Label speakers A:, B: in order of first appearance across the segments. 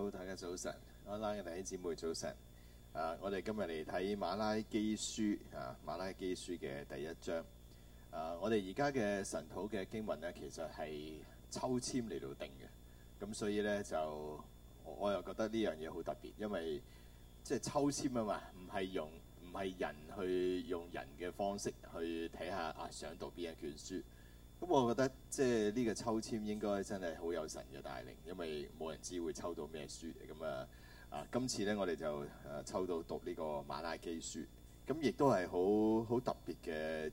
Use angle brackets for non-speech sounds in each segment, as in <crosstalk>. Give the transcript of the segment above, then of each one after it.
A: 好，大家早晨，阿拉嘅弟兄姊妹早晨。啊，我哋今日嚟睇馬拉基書啊，馬拉基書嘅第一章。啊，我哋而家嘅神土嘅經文咧，其實係抽籤嚟到定嘅。咁所以咧，就我又覺得呢樣嘢好特別，因為即係、就是、抽籤啊嘛，唔係用唔係人去用人嘅方式去睇下啊，想到邊一卷書。咁我覺得即係呢個抽籤應該真係好有神嘅帶領，因為冇人知會抽到咩書咁啊！啊，今次呢，我哋就誒抽到讀呢個馬拉基書，咁亦都係好好特別嘅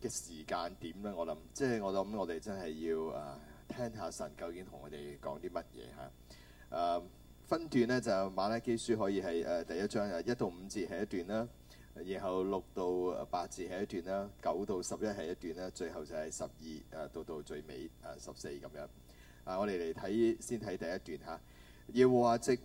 A: 嘅時間點啦！我諗即係我諗我哋真係要啊聽下神究竟同我哋講啲乜嘢吓？誒、啊、分段呢，就馬拉基書可以係誒第一章啊一到五節係一段啦。然後六到八字係一段啦，九到十一係一段啦，最後就係十二誒到到最尾誒十四咁樣。啊，我哋嚟睇先睇第一段嚇。耶和華藉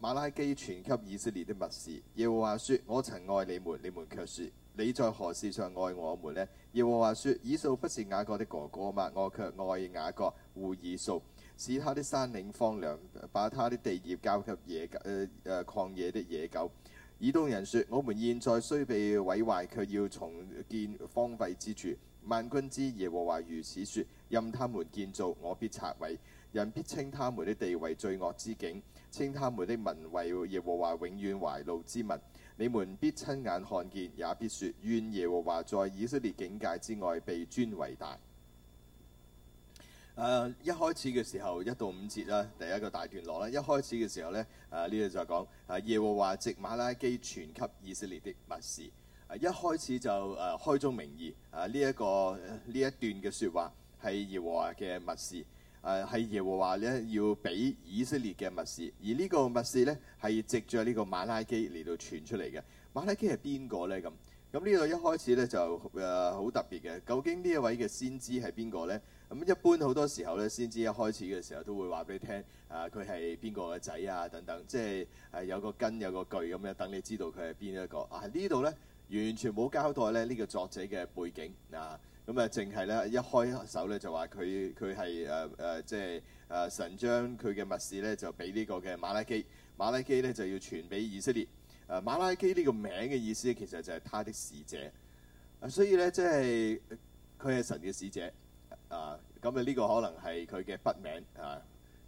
A: 瑪拉基傳給以色列的密事。耶和華說：我曾愛你們，你們卻説你在何事上愛我們呢？」耶和華說：以掃不是雅各的哥哥嘛？我卻愛雅各，護以掃，使他的山嶺荒涼，把他的地業交給野誒誒曠野的野狗。以東人說：我們現在雖被毀壞，卻要重建荒廢之處。萬軍之耶和華如此説：任他們建造，我必拆毀；人必稱他們的地為罪惡之境，稱他們的民為耶和華永遠懷怒之民。你們必親眼看見，也必説：願耶和華在以色列境界之外被尊為大。誒、uh, 一開始嘅時候一到五節啦，第一個大段落啦。一開始嘅時候咧，誒呢度就講誒、啊、耶和華藉瑪拉基傳給以色列的密事。誒、啊、一開始就誒、啊、開宗明義，誒呢一個呢一段嘅説話係耶和華嘅密事，誒、啊、係耶和華咧要俾以色列嘅密事。而呢個密事咧係藉著呢個瑪拉基嚟到傳出嚟嘅。瑪拉基係邊個咧咁？咁呢度一開始咧就誒好、呃、特別嘅，究竟呢一位嘅先知係邊個呢？咁、嗯、一般好多時候咧，先知一開始嘅時候都會話俾你聽，呃、啊佢係邊個嘅仔啊等等，即係係、呃、有個根有個據咁樣，等你知道佢係邊一個。啊呢度呢完全冇交代咧呢個作者嘅背景啊，咁啊淨係咧一開手咧就話佢佢係誒誒即係誒、呃、神將佢嘅密事呢，就俾呢個嘅馬拉基，馬拉基呢，就要傳俾以色列。誒馬拉基呢個名嘅意思其實就係他的使者，啊，所以咧即係佢係神嘅使者，啊，咁啊呢個可能係佢嘅筆名，啊，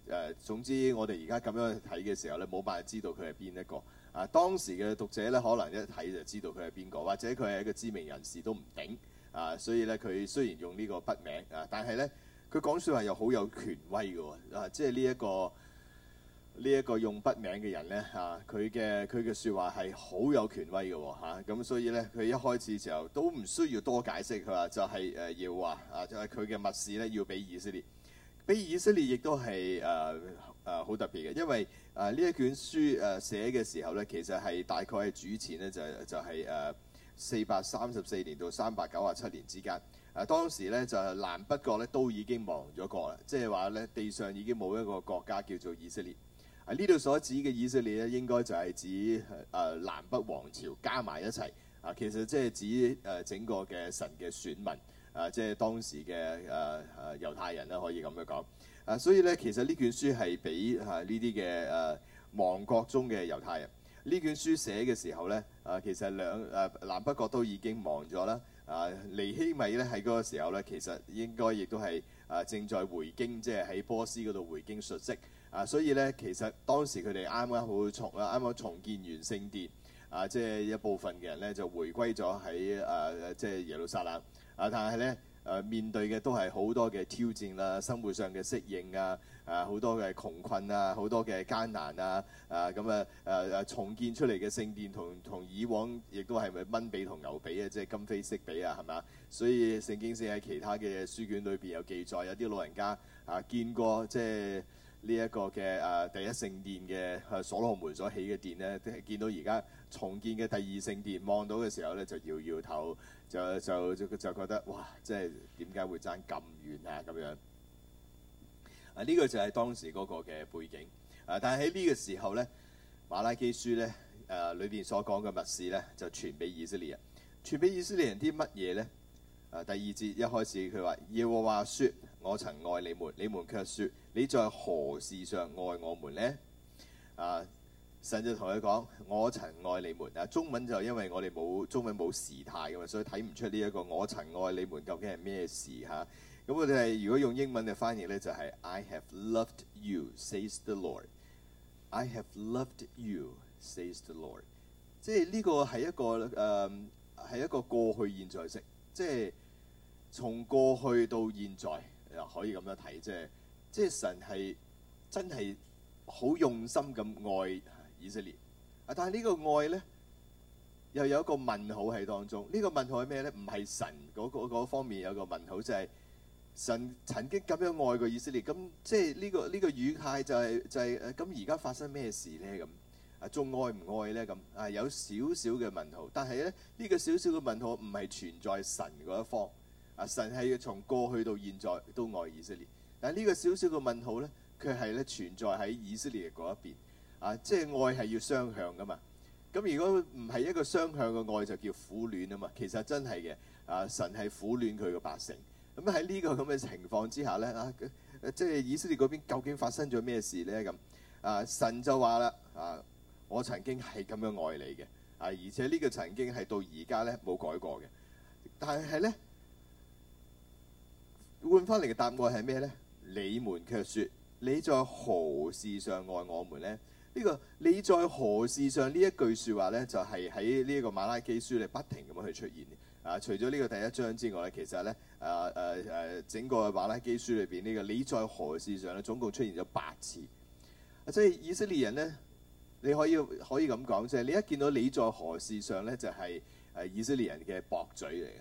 A: 誒總之我哋而家咁樣去睇嘅時候咧，冇辦法知道佢係邊一個，啊當時嘅讀者咧可能一睇就知道佢係邊個，或者佢係一個知名人士都唔頂，啊，所以咧佢雖然用呢個筆名，啊，但係咧佢講説話又好有權威㗎喎，啊，即係呢一個。呢一個用筆名嘅人呢，嚇佢嘅佢嘅説話係好有權威嘅、哦，嚇、啊、咁所以呢，佢一開始時候都唔需要多解釋佢話就係、是、誒要話啊，就係佢嘅物事呢要俾以色列，俾以色列亦都係誒誒好特別嘅，因為誒呢、啊、一卷書誒寫嘅時候呢，其實係大概係主前呢，就就係誒四百三十四年到三百九十七年之間。誒、啊、當時呢，就南北國呢都已經亡咗國啦，即係話呢地上已經冇一個國家叫做以色列。呢度、啊、所指嘅以色列咧，應該就係指誒南北王朝加埋一齊啊。其實即係指誒整個嘅神嘅選民啊，即係當時嘅誒誒猶太人啦，可以咁樣講啊。所以咧，其實呢卷書係俾嚇呢啲嘅誒亡國中嘅猶太人。呢卷書寫嘅時候咧，啊其實兩誒、啊、南北國都已經亡咗啦。啊，尼希米咧喺嗰個時候咧，其實應該亦都係啊正在回京，即係喺波斯嗰度回京述職。啊，所以咧，其實當時佢哋啱啱好重啊，啱啱重建完聖殿啊，即係一部分嘅人咧就回歸咗喺啊，即係耶路撒冷啊。但係咧，誒、啊、面對嘅都係好多嘅挑戰啦、啊，生活上嘅適應啊，誒好多嘅窮困啊，好多嘅艱難啊。啊，咁啊誒誒重建出嚟嘅聖殿同同以往亦都係咪蚊髀同牛髀啊？即係今非昔比啊，係咪？所以聖經先喺其他嘅書卷裏邊有記載，有啲老人家啊見過即係。即呢一個嘅誒第一聖殿嘅所羅門所起嘅殿咧，見到而家重建嘅第二聖殿，望到嘅時候咧就搖搖頭，就就就，就覺得哇！即係點解會爭咁遠啊？咁樣啊？呢、這個就係當時嗰個嘅背景啊！但係喺呢個時候咧，《瑪拉基書》呢咧誒裏邊所講嘅默示咧，就傳俾以色列人，傳俾以色列人啲乜嘢咧？誒、啊、第二節一開始佢話：耶和華說。我曾愛你們，你們卻說你在何事上愛我們呢？啊！神就同佢講：我曾愛你們。啊！中文就因為我哋冇中文冇時態嘅嘛，所以睇唔出呢、這、一個我曾愛你們究竟係咩事嚇。咁我哋如果用英文嘅翻譯呢、就係，就係 <music> I have loved you, says the Lord. I have loved you, says the Lord。即係呢個係一個誒係、嗯、一個過去現在式，即係從過去到現在。又可以咁樣睇，即係即係神係真係好用心咁愛以色列，啊！但係呢個愛咧，又有一個問號喺當中。呢個問號係咩咧？唔係神嗰個嗰方面有個問號，就係神曾經咁樣愛過以色列，咁即係呢個呢個語態就係就係咁而家發生咩事咧？咁啊仲愛唔愛咧？咁啊有少少嘅問號，但係咧呢個少少嘅問號唔係存在神嗰一方。啊！神係要從過去到現在都愛以色列，但係呢個少少嘅問號呢，佢係咧存在喺以色列嗰一邊啊，即係愛係要雙向噶嘛。咁如果唔係一個雙向嘅愛，就叫苦戀啊嘛。其實真係嘅啊，神係苦戀佢嘅百姓。咁喺呢個咁嘅情況之下呢，啊，即係以色列嗰邊究竟發生咗咩事呢？咁啊，神就話啦啊，我曾經係咁樣愛你嘅啊，而且呢個曾經係到而家呢冇改過嘅，但係呢。換翻嚟嘅答案係咩咧？你們卻說：你在何事上愛我們咧？呢個你在何事上呢一句説話咧，就係喺呢一個瑪拉基書裏不停咁樣去出現嘅啊，除咗呢個第一章之外咧，其實咧，誒誒誒，整個瑪拉基書裏邊呢個你在何事上咧，總共出現咗八次。啊，即係以色列人咧，你可以可以咁講啫。就係、你一見到你在何事上咧，就係、係、誒以色列人嘅駁嘴嚟嘅。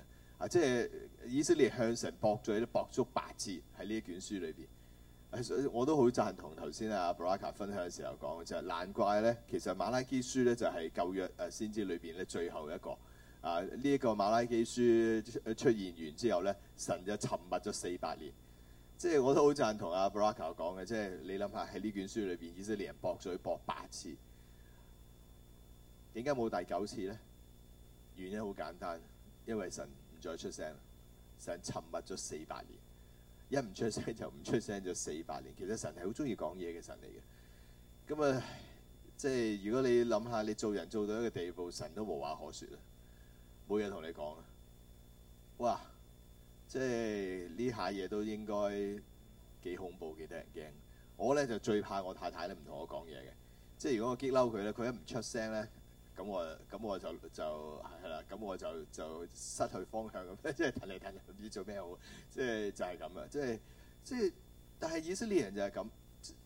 A: 啊，即係。以色列向神駁嘴，咧駁足八次喺呢一卷書裏邊，我都好贊同頭先啊布拉卡分享嘅時候講嘅就係難怪咧，其實瑪拉基書咧就係舊約誒先知裏邊咧最後一個啊。呢、這、一個瑪拉基書出現完之後咧，神就沉默咗四百年，即係我都好贊同啊布拉卡講嘅，即係你諗下喺呢卷書裏邊，以色列人駁嘴去駁八次，點解冇第九次咧？原因好簡單，因為神唔再出聲。神沉默咗四百年，一唔出聲就唔出聲咗四百年。其實神係好中意講嘢嘅神嚟嘅。咁啊，即係如果你諗下你做人做到一個地步，神都無話可說啦，冇嘢同你講啊。哇！即係呢下嘢都應該幾恐怖，幾得人驚。我咧就最怕我太太咧唔同我講嘢嘅，即係如果我激嬲佢咧，佢一唔出聲咧。咁我咁我就就係啦，咁我就就失去方向咁，即係睇嚟睇去唔知做咩好，即係就係咁啊！即係即係，但係以色列人就係咁，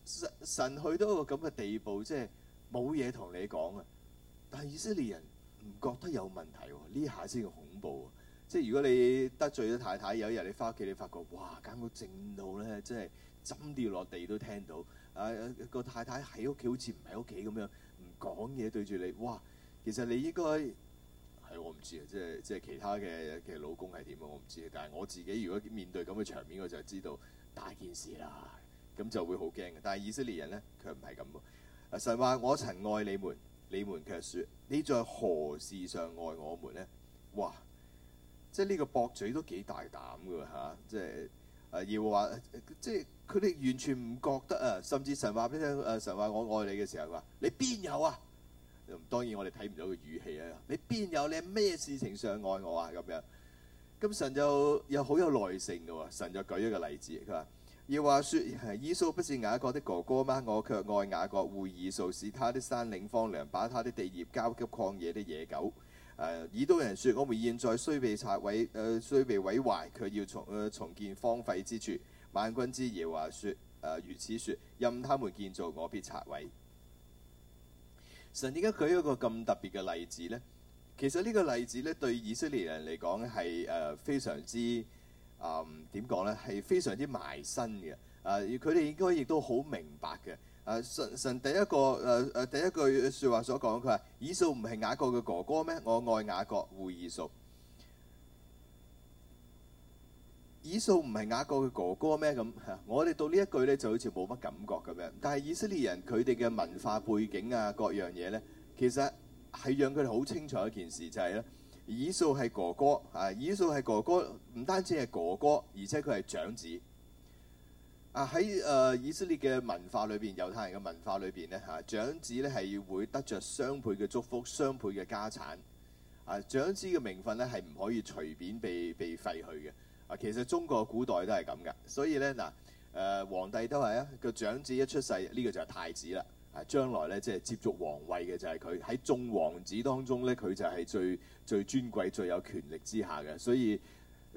A: 神神去到一個咁嘅地步，即係冇嘢同你講啊！但係以色列人唔覺得有問題喎，呢下先恐怖啊！即係如果你得罪咗太太，有一日你翻屋企你發覺，哇！間屋靜到咧，即係針跌落地都聽到啊！個太太喺屋企好似唔喺屋企咁樣，唔講嘢對住你，哇！其實你應該係、哎、我唔知嘅，即係即係其他嘅嘅老公係點啊？我唔知，但係我自己如果面對咁嘅場面，我就知道大件事啦，咁就會好驚嘅。但係以色列人咧，佢唔係咁啊！神話我曾愛你們，你們卻説「你在何事上愛我們呢？」哇！即係呢個駁嘴都幾大膽㗎吓、啊，即係啊要話、啊、即係佢哋完全唔覺得啊，甚至神話俾你，誒，神話我愛你嘅時候，話你邊有啊？當然我哋睇唔到個語氣啊！你邊有你咩事情想愛我啊？咁樣，咁神就又好有耐性嘅喎。神就舉一個例子，佢話說：要話説，以掃不是雅各的哥哥嗎？我卻愛雅各。會以掃使他的山嶺荒涼，把他的地業交給曠野的野狗。誒、呃，以東人說：我們現在雖被拆毀，誒、呃，雖被毀壞，卻要重、呃、重建荒廢之處。萬軍之耶和華説：如此説，任他們建造，我必拆毀。神其實點解舉一個咁特別嘅例子咧？其實呢個例子咧，對以色列人嚟講係誒，非常之誒，點講咧，係、呃、非常之埋身嘅。誒佢哋應該亦都好明白嘅。誒、呃、神神第一個誒誒、呃、第一句説話所講，佢話：以掃唔係雅各嘅哥哥咩？我愛雅各，惡以掃。以掃唔係雅各嘅哥哥咩？咁我哋到呢一句呢就好似冇乜感覺咁樣。但係以色列人佢哋嘅文化背景啊，各樣嘢呢，其實係讓佢哋好清楚一件事就係、是、呢：以掃係哥哥啊，以掃係哥哥，唔單止係哥哥，而且佢係長子啊。喺誒以色列嘅文化裏邊，猶太人嘅文化裏邊呢，嚇，長子呢係會得着雙倍嘅祝福、雙倍嘅家產啊。長子嘅名分呢，係唔可以隨便被被廢去嘅。啊，其實中國古代都係咁嘅，所以咧嗱，誒、呃、皇帝都係啊，個長子一出世呢、呢個就係太子啦，啊將來咧即係接續皇位嘅就係佢，喺眾皇子當中咧，佢就係最最尊貴最有權力之下嘅，所以。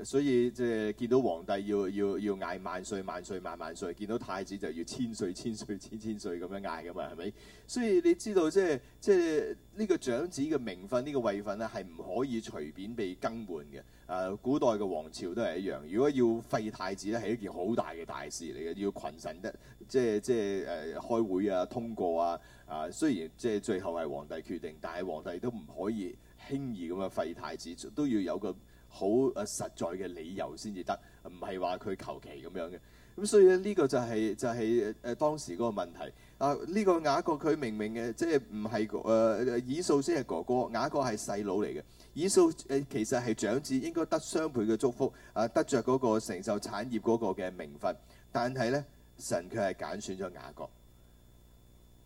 A: 所以即係見到皇帝要要要嗌萬歲萬歲萬萬歲，見到太子就要千歲千歲千千歲咁樣嗌噶嘛，係咪？所以你知道即係即係呢個長子嘅名分，呢個位份咧係唔可以隨便被更換嘅。誒、啊，古代嘅皇朝都係一樣。如果要廢太子呢係一件好大嘅大事嚟嘅，要群臣一即係即係誒開會啊通過啊。啊，雖然即係最後係皇帝決定，但係皇帝都唔可以輕易咁樣廢太子，都要有個好誒實在嘅理由先至得，唔係話佢求其咁樣嘅。咁所以呢、呢個就係、係、就係誒誒當時嗰個問題。啊呢、呢個雅各佢明明嘅即係唔係誒以掃先係哥哥，雅各係細佬嚟嘅。以掃誒、呃、其實係長子，應該得雙倍嘅祝福，啊得着嗰個承受產業嗰個嘅名分。但係呢，神佢係揀選咗雅各。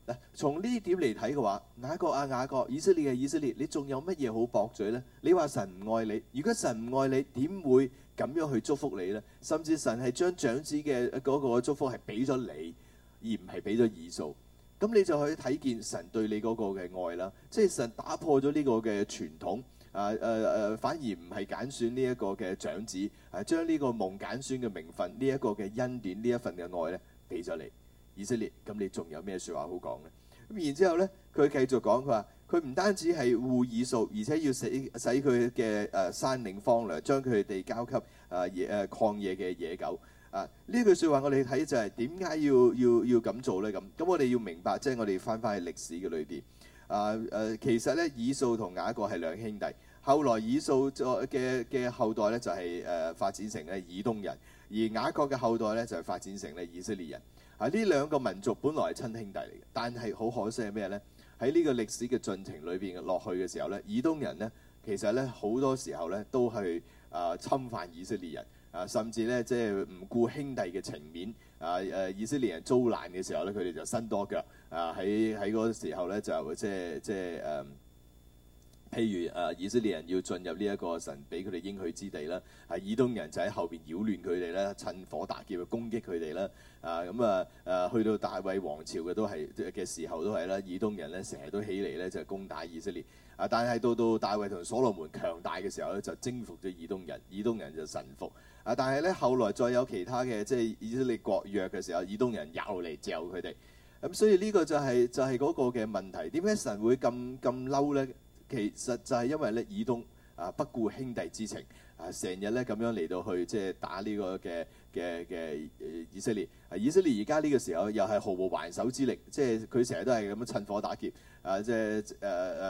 A: 嗱，從呢點嚟睇嘅話，雅各啊雅各，以色列啊以色列，你仲有乜嘢好駁嘴呢？你話神唔愛你，如果神唔愛你，點會咁樣去祝福你呢？甚至神係將長子嘅嗰個祝福係俾咗你，而唔係俾咗以掃，咁你就可以睇見神對你嗰個嘅愛啦。即係神打破咗呢個嘅傳統，啊誒誒，反而唔係揀選呢一個嘅長子，係將呢個蒙揀選嘅名分，呢一個嘅恩典，呢一份嘅愛咧，俾咗你。以色列咁，你仲有咩説話好講呢？咁然之後呢，佢繼續講，佢話佢唔單止係護以掃，而且要使使佢嘅誒山嶺荒涼，將佢哋交給誒野誒曠野嘅野狗啊！呢句説話，我哋睇就係點解要要要咁做呢？咁咁我哋要明白，即係我哋翻翻去歷史嘅裏邊啊誒，其實呢以掃同雅各係兩兄弟，後來以掃作嘅嘅後代呢就係誒發展成咧以東人，而雅各嘅後代呢就係發展成咧以色列人。啊！呢兩個民族本來係親兄弟嚟嘅，但係好可惜係咩咧？喺呢個歷史嘅進程裏邊落去嘅時候咧，以東人咧其實咧好多時候咧都係啊侵犯以色列人啊，甚至咧即係唔顧兄弟嘅情面啊！誒、啊、以色列人遭難嘅時候咧，佢哋就伸多腳啊！喺喺嗰個時候咧就即係即係誒。就即係啊譬如誒，以色列人要進入呢一個神俾佢哋應許之地啦，係以東人就喺後邊擾亂佢哋啦，趁火打劫去攻擊佢哋啦。啊，咁啊誒、啊，去到大衛王朝嘅都係嘅時候都係啦，以東人呢成日都起嚟呢就係攻打以色列。啊，但係到到大衛同所羅門強大嘅時候呢，就征服咗以東人，以東人就臣服。啊，但係呢，後來再有其他嘅即係以色列國弱嘅時候，以東人又嚟嚼佢哋。咁、啊、所以呢個就係、是、就係、是、嗰個嘅問題，點解神會咁咁嬲呢？其實就係因為咧，以東啊，不顧兄弟之情啊，成日咧咁樣嚟到去即係打呢個嘅嘅嘅以色列。啊、以色列而家呢個時候又係毫無還手之力，即係佢成日都係咁樣趁火打劫啊！即係誒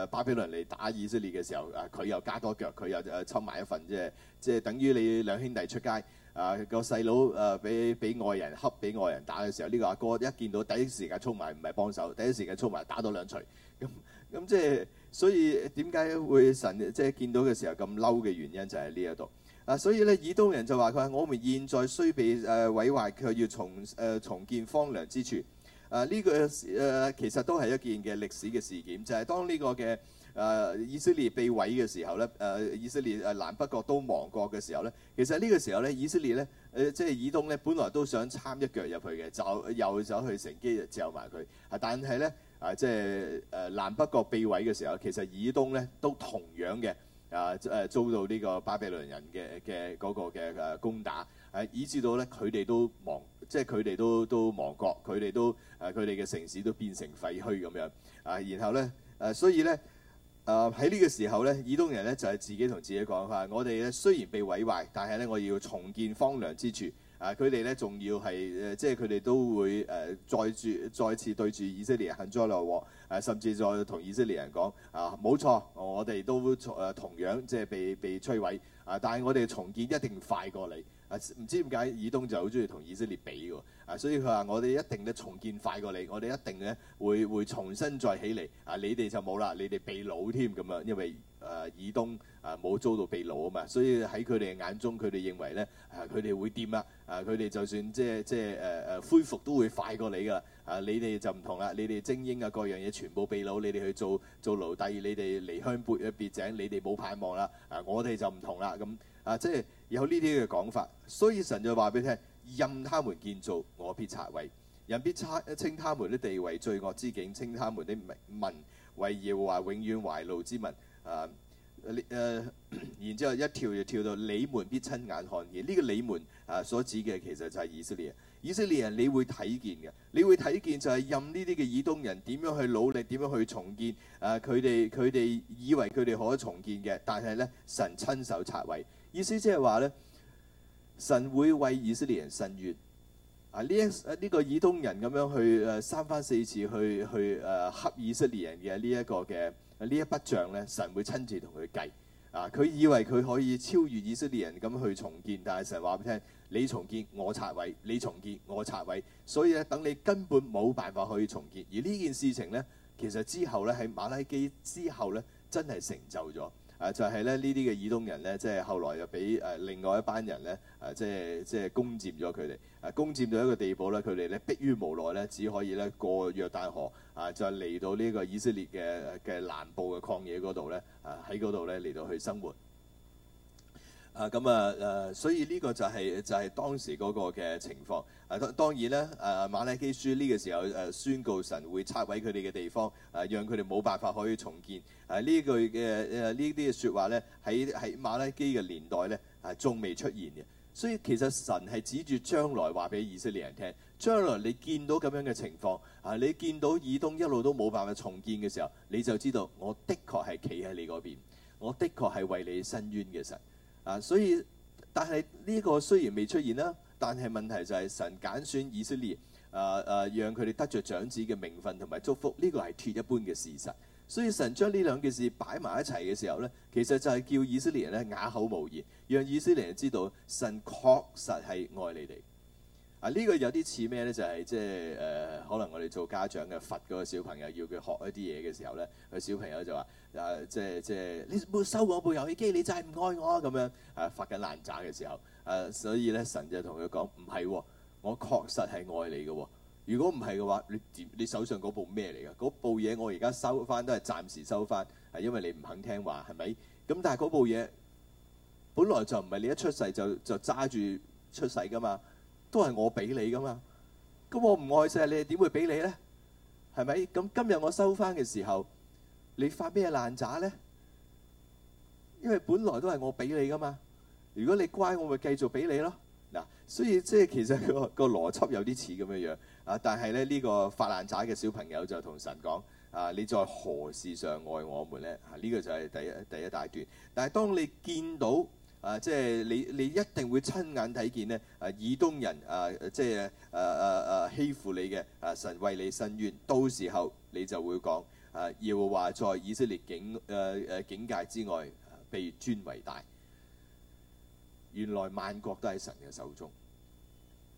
A: 誒巴比倫嚟打以色列嘅時候啊，佢又加多腳，佢又誒湊埋一份，即係即係等於你兩兄弟出街啊，個細佬誒俾俾外人恰俾外人打嘅時候，呢個阿哥一見到第一時間衝埋唔係幫手，第一時間衝埋打到兩捶咁咁即係。所以點解會神即係見到嘅時候咁嬲嘅原因就係呢一度啊，所以咧以東人就話佢話：我們現在雖被誒、呃、毀壞，卻要重誒、呃、重建荒涼之處。啊，呢、這個誒、呃、其實都係一件嘅歷史嘅事件，就係、是、當呢個嘅誒、呃、以色列被毀嘅時候咧，誒以色列誒南北國都亡國嘅時候咧，其實呢個時候咧，以色列咧誒、呃、即係以東咧，本來都想參一腳入去嘅，就又走去乘機就嚼埋佢，啊，但係咧。啊，即係誒南北國被毀嘅時候，其實以東咧都同樣嘅啊誒遭到呢個巴比倫人嘅嘅嗰個嘅誒攻打，誒、啊、以至到咧佢哋都亡，即係佢哋都都亡國，佢哋都誒佢哋嘅城市都變成廢墟咁樣啊。然後咧誒、啊，所以咧誒喺呢、啊、個時候咧，以東人咧就係、是、自己同自己講話：我哋咧雖然被毀壞，但係咧我要重建荒涼之處。啊！佢哋呢仲要係誒、啊，即係佢哋都會誒、啊、再住再次對住以色列人幸災樂禍，誒、啊、甚至再同以色列人講啊，冇錯，我哋都誒同樣即係被被摧毀，啊！但係我哋重建一定快過你。唔、啊、知點解以東就好中意同以色列比喎，啊，所以佢話我哋一定咧重建快過你，我哋一定咧會會重新再起嚟，啊，你哋就冇啦，你哋被擄添，咁啊，因為誒、啊、以東誒冇遭到被擄啊嘛，所以喺佢哋眼中，佢哋認為咧誒佢哋會掂啦，啊，佢哋、啊、就算即係即係誒誒恢復都會快過你㗎，啊，你哋就唔同啦，你哋精英啊各樣嘢全部被擄，你哋去做做奴隸，你哋離鄉背別井，你哋冇盼望啦，啊，我哋就唔同啦，咁、啊。啊啊啊。啊，即係有呢啲嘅講法，所以神就話俾你聽：任他們建造，我必拆毀；任必拆稱他們啲地位罪惡之境、稱他們啲民為耶和華永遠懷怒之民。啊，誒、啊，然之後一跳就跳到你們必親眼看見呢、這個你們啊所指嘅其實就係以色列人，以色列人你會睇見嘅，你會睇見就係任呢啲嘅以東人點樣去努力，點樣去重建。啊，佢哋佢哋以為佢哋可以重建嘅，但係呢，神親手拆毀。意思即係話咧，神會為以色列人伸冤啊！呢一呢個以東人咁樣去誒、啊、三番四次去去誒恰、啊、以色列人嘅呢一個嘅呢一筆帳，咧，神會親自同佢計啊！佢以為佢可以超越以色列人咁去重建，但係神話俾你聽，你重建我拆毀，你重建我拆毀。」所以咧等你根本冇辦法去重建。而呢件事情咧，其實之後咧喺瑪拉基之後咧，真係成就咗。誒、啊、就係、是、咧呢啲嘅以東人咧，即係後來又俾誒、啊、另外一班人咧，誒、啊、即係即係攻佔咗佢哋，誒、啊、攻佔到一個地步咧，佢哋咧迫於無奈咧，只可以咧過約旦河，啊，再嚟到呢個以色列嘅嘅南部嘅曠野嗰度咧，誒喺嗰度咧嚟到去生活。啊，咁啊，誒，所以呢個就係、是、就係、是、當時嗰個嘅情況。誒、啊，當當然啦，誒、啊，馬拉基書呢個時候誒、啊，宣告神會拆毀佢哋嘅地方，誒、啊，讓佢哋冇辦法可以重建。誒、啊，啊、呢句嘅誒呢啲説話咧，喺喺馬拉基嘅年代咧，誒、啊，仲未出現嘅。所以其實神係指住將來話俾以色列人聽，將來你見到咁樣嘅情況，啊，你見到以東一路都冇辦法重建嘅時候，你就知道我的確係企喺你嗰邊，我的確係為你伸冤嘅神。啊，所以但係呢個雖然未出現啦，但係問題就係神揀選以色列，啊啊，讓佢哋得着長子嘅名分同埋祝福，呢個係鐵一般嘅事實。所以神將呢兩件事擺埋一齊嘅時候呢，其實就係叫以色列人咧啞口無言，讓以色列人知道神確實係愛你哋。啊！呢個有啲似咩咧？就係即係誒，可能我哋做家長嘅，罰個小朋友要佢學一啲嘢嘅時候咧，個小朋友就話：啊，即係即係你沒收我部遊戲機，你就係唔愛我咁樣。啊，發緊爛渣嘅時候。啊，所以咧，神就同佢講：唔係喎，我確實係愛你嘅喎。如果唔係嘅話，你你手上嗰部咩嚟㗎？嗰部嘢我而家收翻都係暫時收翻，係因為你唔肯聽話，係咪？咁但係嗰部嘢，本來就唔係你一出世就就揸住出世㗎嘛。都係我俾你噶嘛，咁我唔愛錫你哋，點會俾你呢？係咪？咁今日我收翻嘅時候，你發咩爛渣呢？因為本來都係我俾你噶嘛。如果你乖，我咪繼續俾你咯。嗱、啊，所以即係其實個個邏輯有啲似咁樣樣啊。但係咧，呢、呢個發爛渣嘅小朋友就同神講：啊，你在何事上愛我們呢？啊，呢、呢個就係第一第一大段。但係當你見到，啊！即係你，你一定會親眼睇見咧。啊，以東人啊，即係啊啊啊欺負你嘅啊！神為你伸冤，到時候你就會講啊，要話在以色列境誒誒境界之外、啊、被尊為大。原來萬國都喺神嘅手中。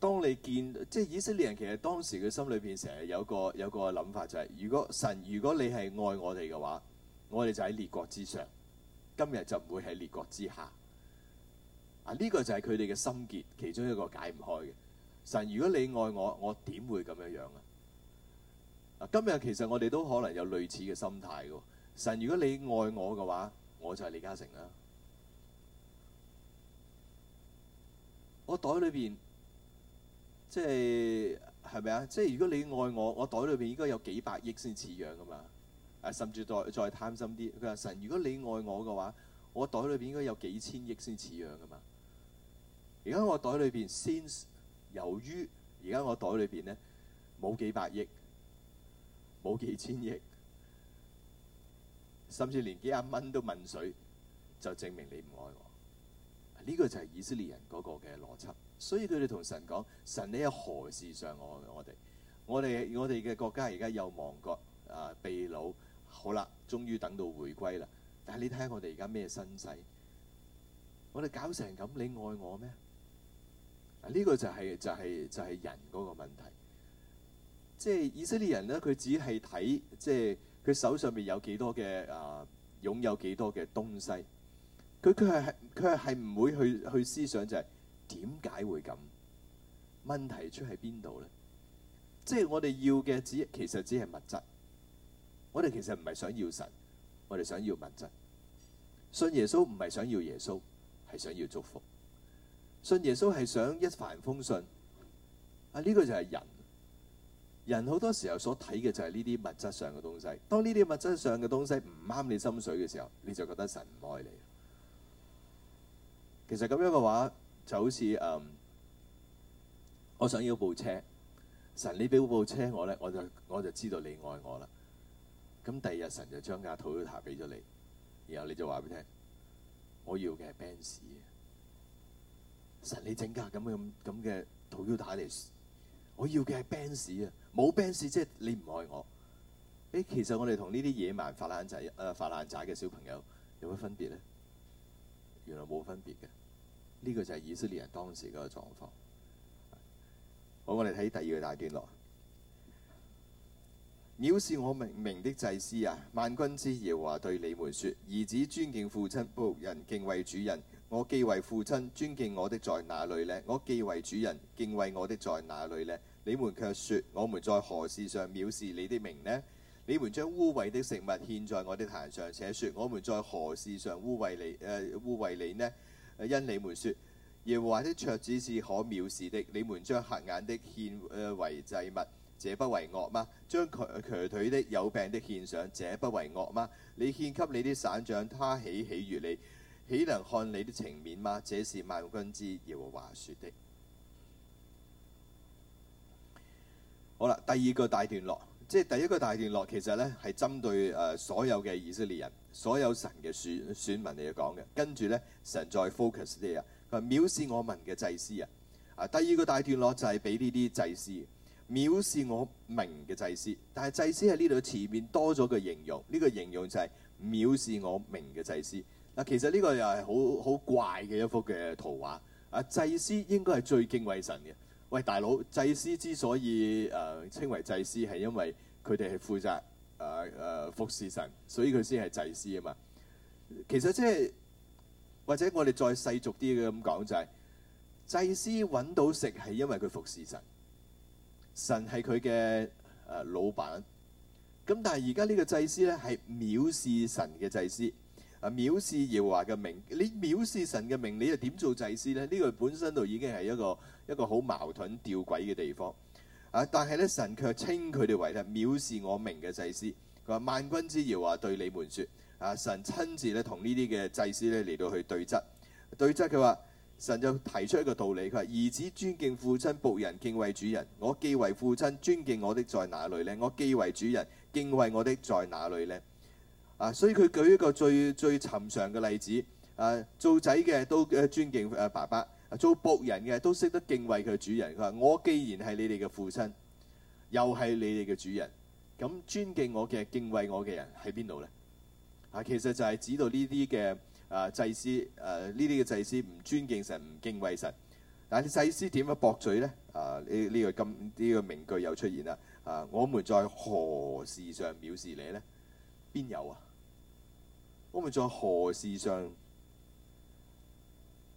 A: 當你見即係以色列人，其實當時佢心裏邊成日有個有個諗法、就是，就係如果神如果你係愛我哋嘅話，我哋就喺列國之上，今日就唔會喺列國之下。啊、呢個就係佢哋嘅心結，其中一個解唔開嘅神。如果你愛我，我點會咁樣樣啊？今日其實我哋都可能有類似嘅心態嘅、啊、神。如果你愛我嘅話，我就係李嘉誠啦。我袋裏邊即係係咪啊？即係如果你愛我，我袋裏邊應該有幾百億先似樣噶嘛、啊？甚至再再貪心啲，佢話神，如果你愛我嘅話，我袋裏邊應該有幾千億先似樣噶嘛？而家我袋裏邊先，由於而家我袋裏邊呢，冇幾百億，冇幾千億，甚至連幾廿蚊都問水，就證明你唔愛我。呢個就係以色列人嗰個嘅邏輯。所以佢哋同神講：神你何事上愛我哋？我哋我哋嘅國家而家又亡國啊，被擄。好啦，終於等到回歸啦。但係你睇下我哋而家咩身世？我哋搞成咁，你愛我咩？呢個就係就係就係人嗰個問題，即係以色列人咧，佢只係睇即係佢手上面有幾多嘅啊，擁有幾多嘅東西，佢佢係佢係唔會去去思想就係點解會咁？問題出喺邊度咧？即係我哋要嘅只其實只係物質，我哋其實唔係想要神，我哋想要物質。信耶穌唔係想要耶穌，係想要祝福。信耶穌係想一帆風順，啊，呢個就係人，人好多時候所睇嘅就係呢啲物質上嘅東西。當呢啲物質上嘅東西唔啱你心水嘅時候，你就覺得神唔愛你。其實咁樣嘅話就好似嗯，我想要部車，神你俾部車我咧，我就我就知道你愛我啦。咁第二日神就將架 Toyota 俾咗你，然後你就話俾你聽，我要嘅係 Benz。神你整格咁樣咁嘅屠刀打嚟，我要嘅係 ban 士啊！冇 ban 士即係你唔愛我。誒、欸，其實我哋同呢啲野蠻發爛仔、誒發爛仔嘅小朋友有乜分別咧？原來冇分別嘅。呢、這個就係以色列人當時個狀況。好，我哋睇第二個大段落。藐視我明明的祭司啊！萬軍之耶和華對你們説：兒子尊敬父親，僕人敬畏主人。我既為父親，尊敬我的在哪裏呢？我既為主人，敬畏我的在哪裏呢？你們卻說我們在何事上藐視你的名呢？你們將污穢的食物獻在我的壇上，且說我們在何事上污穢你？誒污穢你呢？因你們説耶和華的桌子是可藐視的，你們將瞎眼的獻誒、呃、為祭物，這不為惡嗎？將瘸腿的有病的獻上，這不為惡嗎？你獻給你的省長，他豈喜悅你？豈能看你的情面嗎？這是萬軍之耶和華說的。好啦，第二個大段落，即係第一個大段落，其實呢係針對誒、呃、所有嘅以色列人、所有神嘅選選民嚟講嘅。跟住呢，神再 focus 啲啊，佢藐視我名嘅祭司啊。啊，第二個大段落就係俾呢啲祭司藐視我名嘅祭司。但係祭司喺呢度前面多咗個形容，呢、這個形容就係藐視我名嘅祭司。嗱，其實呢個又係好好怪嘅一幅嘅圖畫。啊，祭司應該係最敬畏神嘅。喂，大佬，祭司之所以誒、呃、稱為祭司，係因為佢哋係負責誒誒、呃呃、服侍神，所以佢先係祭司啊嘛。其實即、就、係、是、或者我哋再細俗啲嘅咁講就係、是，祭司揾到食係因為佢服侍神，神係佢嘅誒老闆。咁但係而家呢個祭司咧係藐視神嘅祭司。啊，藐視耶和華嘅名，你藐視神嘅名，你又點做祭司呢？呢、這個本身就已經係一個一個好矛盾吊詭嘅地方。啊，但係呢神卻稱佢哋為咧藐視我名嘅祭司。佢話萬軍之耶和華對你們說：啊神親自咧同呢啲嘅祭司咧嚟到去對質，對質。佢話，神就提出一個道理，佢話，兒子尊敬父親，僕人敬畏主人。我既為父親尊敬我的在哪裏呢？我既為主人敬畏我的在哪裏呢？」啊，所以佢舉一個最最尋常嘅例子，啊，做仔嘅都嘅尊敬誒爸爸，做僕人嘅都識得敬畏佢主人。佢話：我既然係你哋嘅父親，又係你哋嘅主人，咁、嗯、尊敬我嘅、敬畏我嘅人喺邊度咧？啊，其實就係指到呢啲嘅啊祭司，誒呢啲嘅祭司唔尊敬神、唔敬畏神。但係，啲祭司點樣駁嘴咧？啊，呢、呢、呢個咁呢、呢個名句又出現啦。啊，我們在何事上藐視你咧？邊有啊？我們在何事上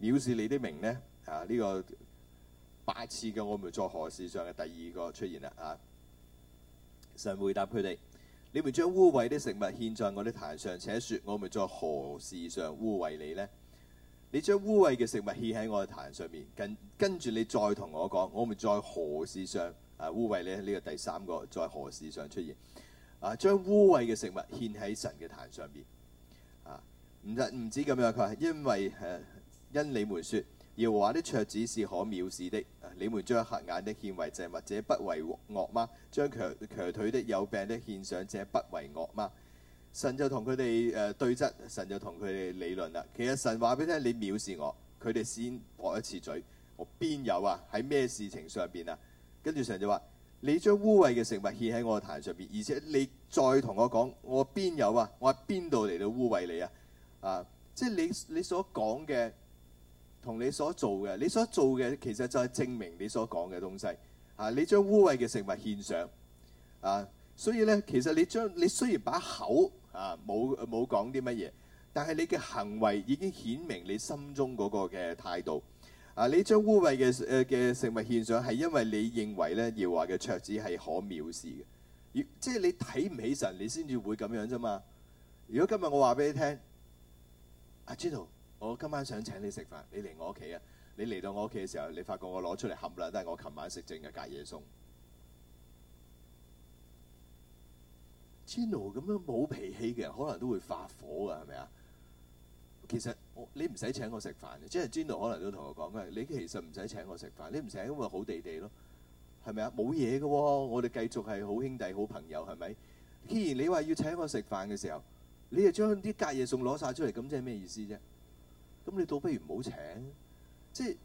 A: 藐視你的名呢？啊，呢個八次嘅，我們在何事上嘅第二個出現啦？啊，神回答佢哋：你們將污穢的食物獻在我的壇上，且説我們在何事上污穢你呢？你將污穢嘅食物獻喺我嘅壇上面，跟跟住你再同我講，我們在何事上啊污穢你呢？呢個第三個在何事上出現？啊，將污穢嘅食物獻喺神嘅壇上面。唔唔止咁樣，佢話因為誒、啊，因你們説耶和華的桌子是可藐視的，你們將瞎眼的獻為祭物，或者不為惡嗎？將瘸瘸腿的有病的獻上者不為惡嗎？神就同佢哋誒對質，神就同佢哋理論啦。其實神話俾你聽，你藐視我，佢哋先駁一次嘴。我邊有啊？喺咩事情上邊啊？跟住神就話：你將污穢嘅食物獻喺我嘅壇上邊，而且你再同我講，我邊有啊？我喺邊度嚟到污穢你啊？啊！即係你你所講嘅同你所做嘅，你所做嘅其實就係證明你所講嘅東西。啊！你將污穢嘅食物獻上啊，所以咧其實你將你雖然把口啊冇冇講啲乜嘢，但係你嘅行為已經顯明你心中嗰個嘅態度啊！你將污穢嘅誒嘅食物獻上係因為你認為咧，耶和華嘅桌子係可藐視嘅，而，而即係你睇唔起神，你先至會咁樣啫嘛。如果今日我話俾你聽。阿 Gino 我今晚想請你食飯，你嚟我屋企啊！你嚟到我屋企嘅時候，你發覺我攞出嚟冚唪唥，都係我琴晚食剩嘅隔夜餸。Gino，咁樣冇脾氣嘅人可能都會發火噶，係咪啊？其實你唔使請我食飯嘅，即係 Gino 可能都同我講你其實唔使請我食飯，你唔使咁咪好地地咯，係咪啊？冇嘢嘅喎，我哋繼續係好兄弟、好朋友，係咪？既然你話要請我食飯嘅時候。你係將啲隔夜餸攞晒出嚟，咁即係咩意思啫？咁你倒不如唔好請，即係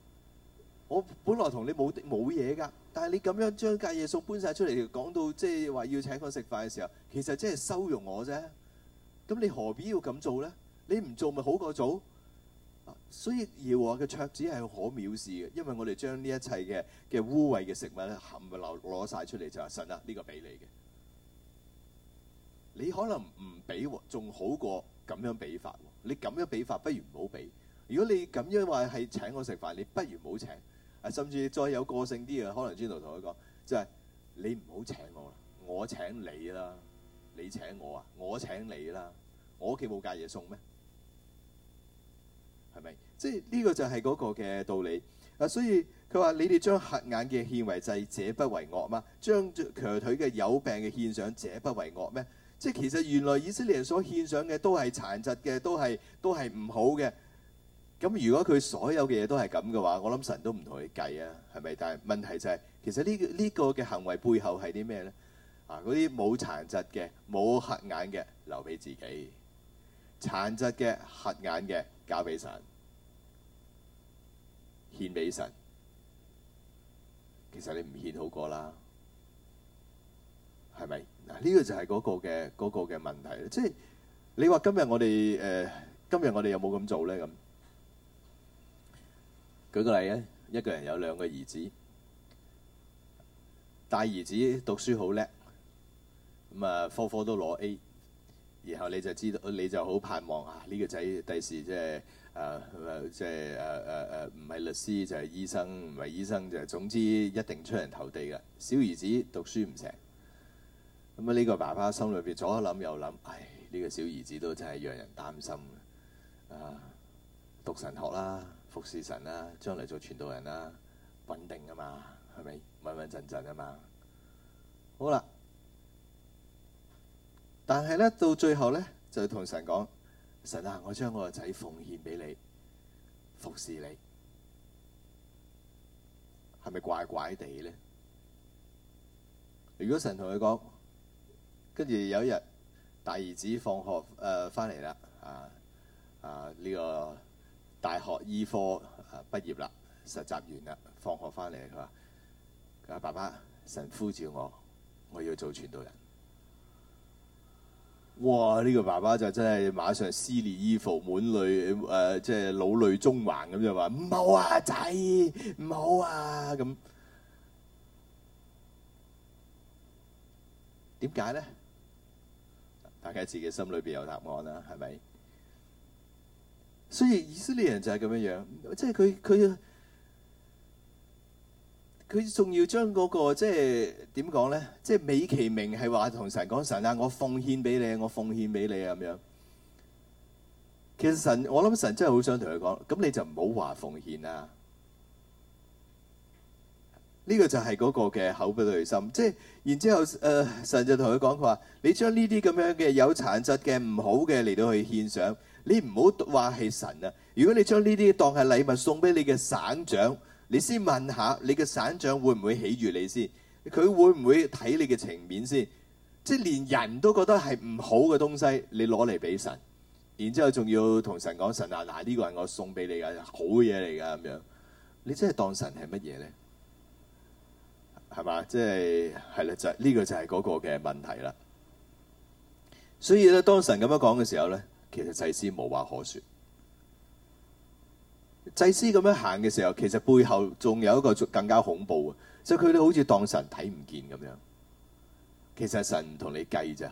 A: 我本來同你冇冇嘢㗎，但係你咁樣將隔夜餸搬晒出嚟，講到即係話要請我食飯嘅時候，其實即係羞辱我啫。咁你何必要咁做咧？你唔做咪好過做？所以而我嘅桌子係可藐視嘅，因為我哋將呢一切嘅嘅污穢嘅食物冚唪唥攞晒出嚟就係神啊，呢、啊這個俾你嘅。你可能唔俾喎，仲好過咁樣比法。你咁樣比法，不如唔好比。如果你咁樣話係請我食飯，你不如唔好請。啊，甚至再有個性啲嘅，可能轉頭同佢講，就係、是、你唔好請我啦，我請你啦。你請我啊，我請你啦。我屋企冇芥嘢送咩？係咪？即係呢個就係嗰個嘅道理啊。所以佢話：你哋將瞎眼嘅獻為祭，這不為惡嗎？將瘸腿嘅有病嘅獻上，這不為惡咩？即係其實原來以色列人所獻上嘅都係殘疾嘅，都係都係唔好嘅。咁如果佢所有嘅嘢都係咁嘅話，我諗神都唔同佢計啊，係咪？但係問題就係、是、其實呢、呢個呢、呢個嘅行為背後係啲咩咧？啊，嗰啲冇殘疾嘅、冇瞎眼嘅留俾自己，殘疾嘅、瞎眼嘅交俾神，獻俾神。其實你唔獻好過啦，係咪？呢個就係嗰個嘅嗰個嘅問題，即係你話今日我哋誒、呃，今日我哋有冇咁做咧？咁舉個例咧，一個人有兩個兒子，大兒子讀書好叻，咁啊科科都攞 A，然後你就知道你就好盼望啊呢、這個仔第時即係誒即係誒誒誒唔係律師就係、是、醫生，唔係醫生就係、是、總之一定出人頭地嘅。小兒子讀書唔成。咁呢個爸爸心裏邊左諗右諗，唉！呢個小兒子都真係讓人擔心嘅。啊，讀神學啦，服侍神啦，將來做傳道人啦，穩定啊嘛，係咪穩穩陣陣啊嘛？好啦，但係咧到最後咧，就同神講：神啊，我將我個仔奉獻畀你，服侍你，係咪怪怪地咧？如果神同佢講，跟住有一日，大兒子放學誒翻嚟啦，啊啊呢個大學醫科啊畢業啦，實習完啦，放學翻嚟佢話：佢話爸爸，神呼召我，我要做傳道人。哇！呢個爸爸就真係馬上撕裂衣服，滿淚誒，即係老淚縱橫咁就話唔好啊，仔唔好啊咁。點解咧？大家自己心裏邊有答案啦，係咪？所以以色列人就係咁樣樣，即係佢佢佢仲要將嗰個即係點講咧？即係美其名係話同神講，神啊，我奉獻俾你，我奉獻俾你啊咁樣。其實神，我諗神真係好想同佢講，咁你就唔好話奉獻啊。呢個就係嗰個嘅口不對心，即係然之後誒、呃，神就同佢講：佢話你將呢啲咁樣嘅有殘疾嘅唔好嘅嚟到去獻上，你唔好話係神啊。如果你將呢啲當係禮物送俾你嘅省長，你先問下你嘅省長會唔會喜悅你先？佢會唔會睇你嘅情面先？即係連人都覺得係唔好嘅東西，你攞嚟俾神，然之後仲要同神講：神啊，嗱、這、呢個係我送俾你嘅好嘢嚟㗎咁樣。你真係當神係乜嘢呢？係嘛，即係係啦，就呢、呢個就係嗰個嘅問題啦。所以咧，當神咁樣講嘅時候咧，其實祭司無話可說。祭司咁樣行嘅時候，其實背後仲有一個更加恐怖嘅，即係佢哋好似當神睇唔見咁樣。其實神唔同你計咋？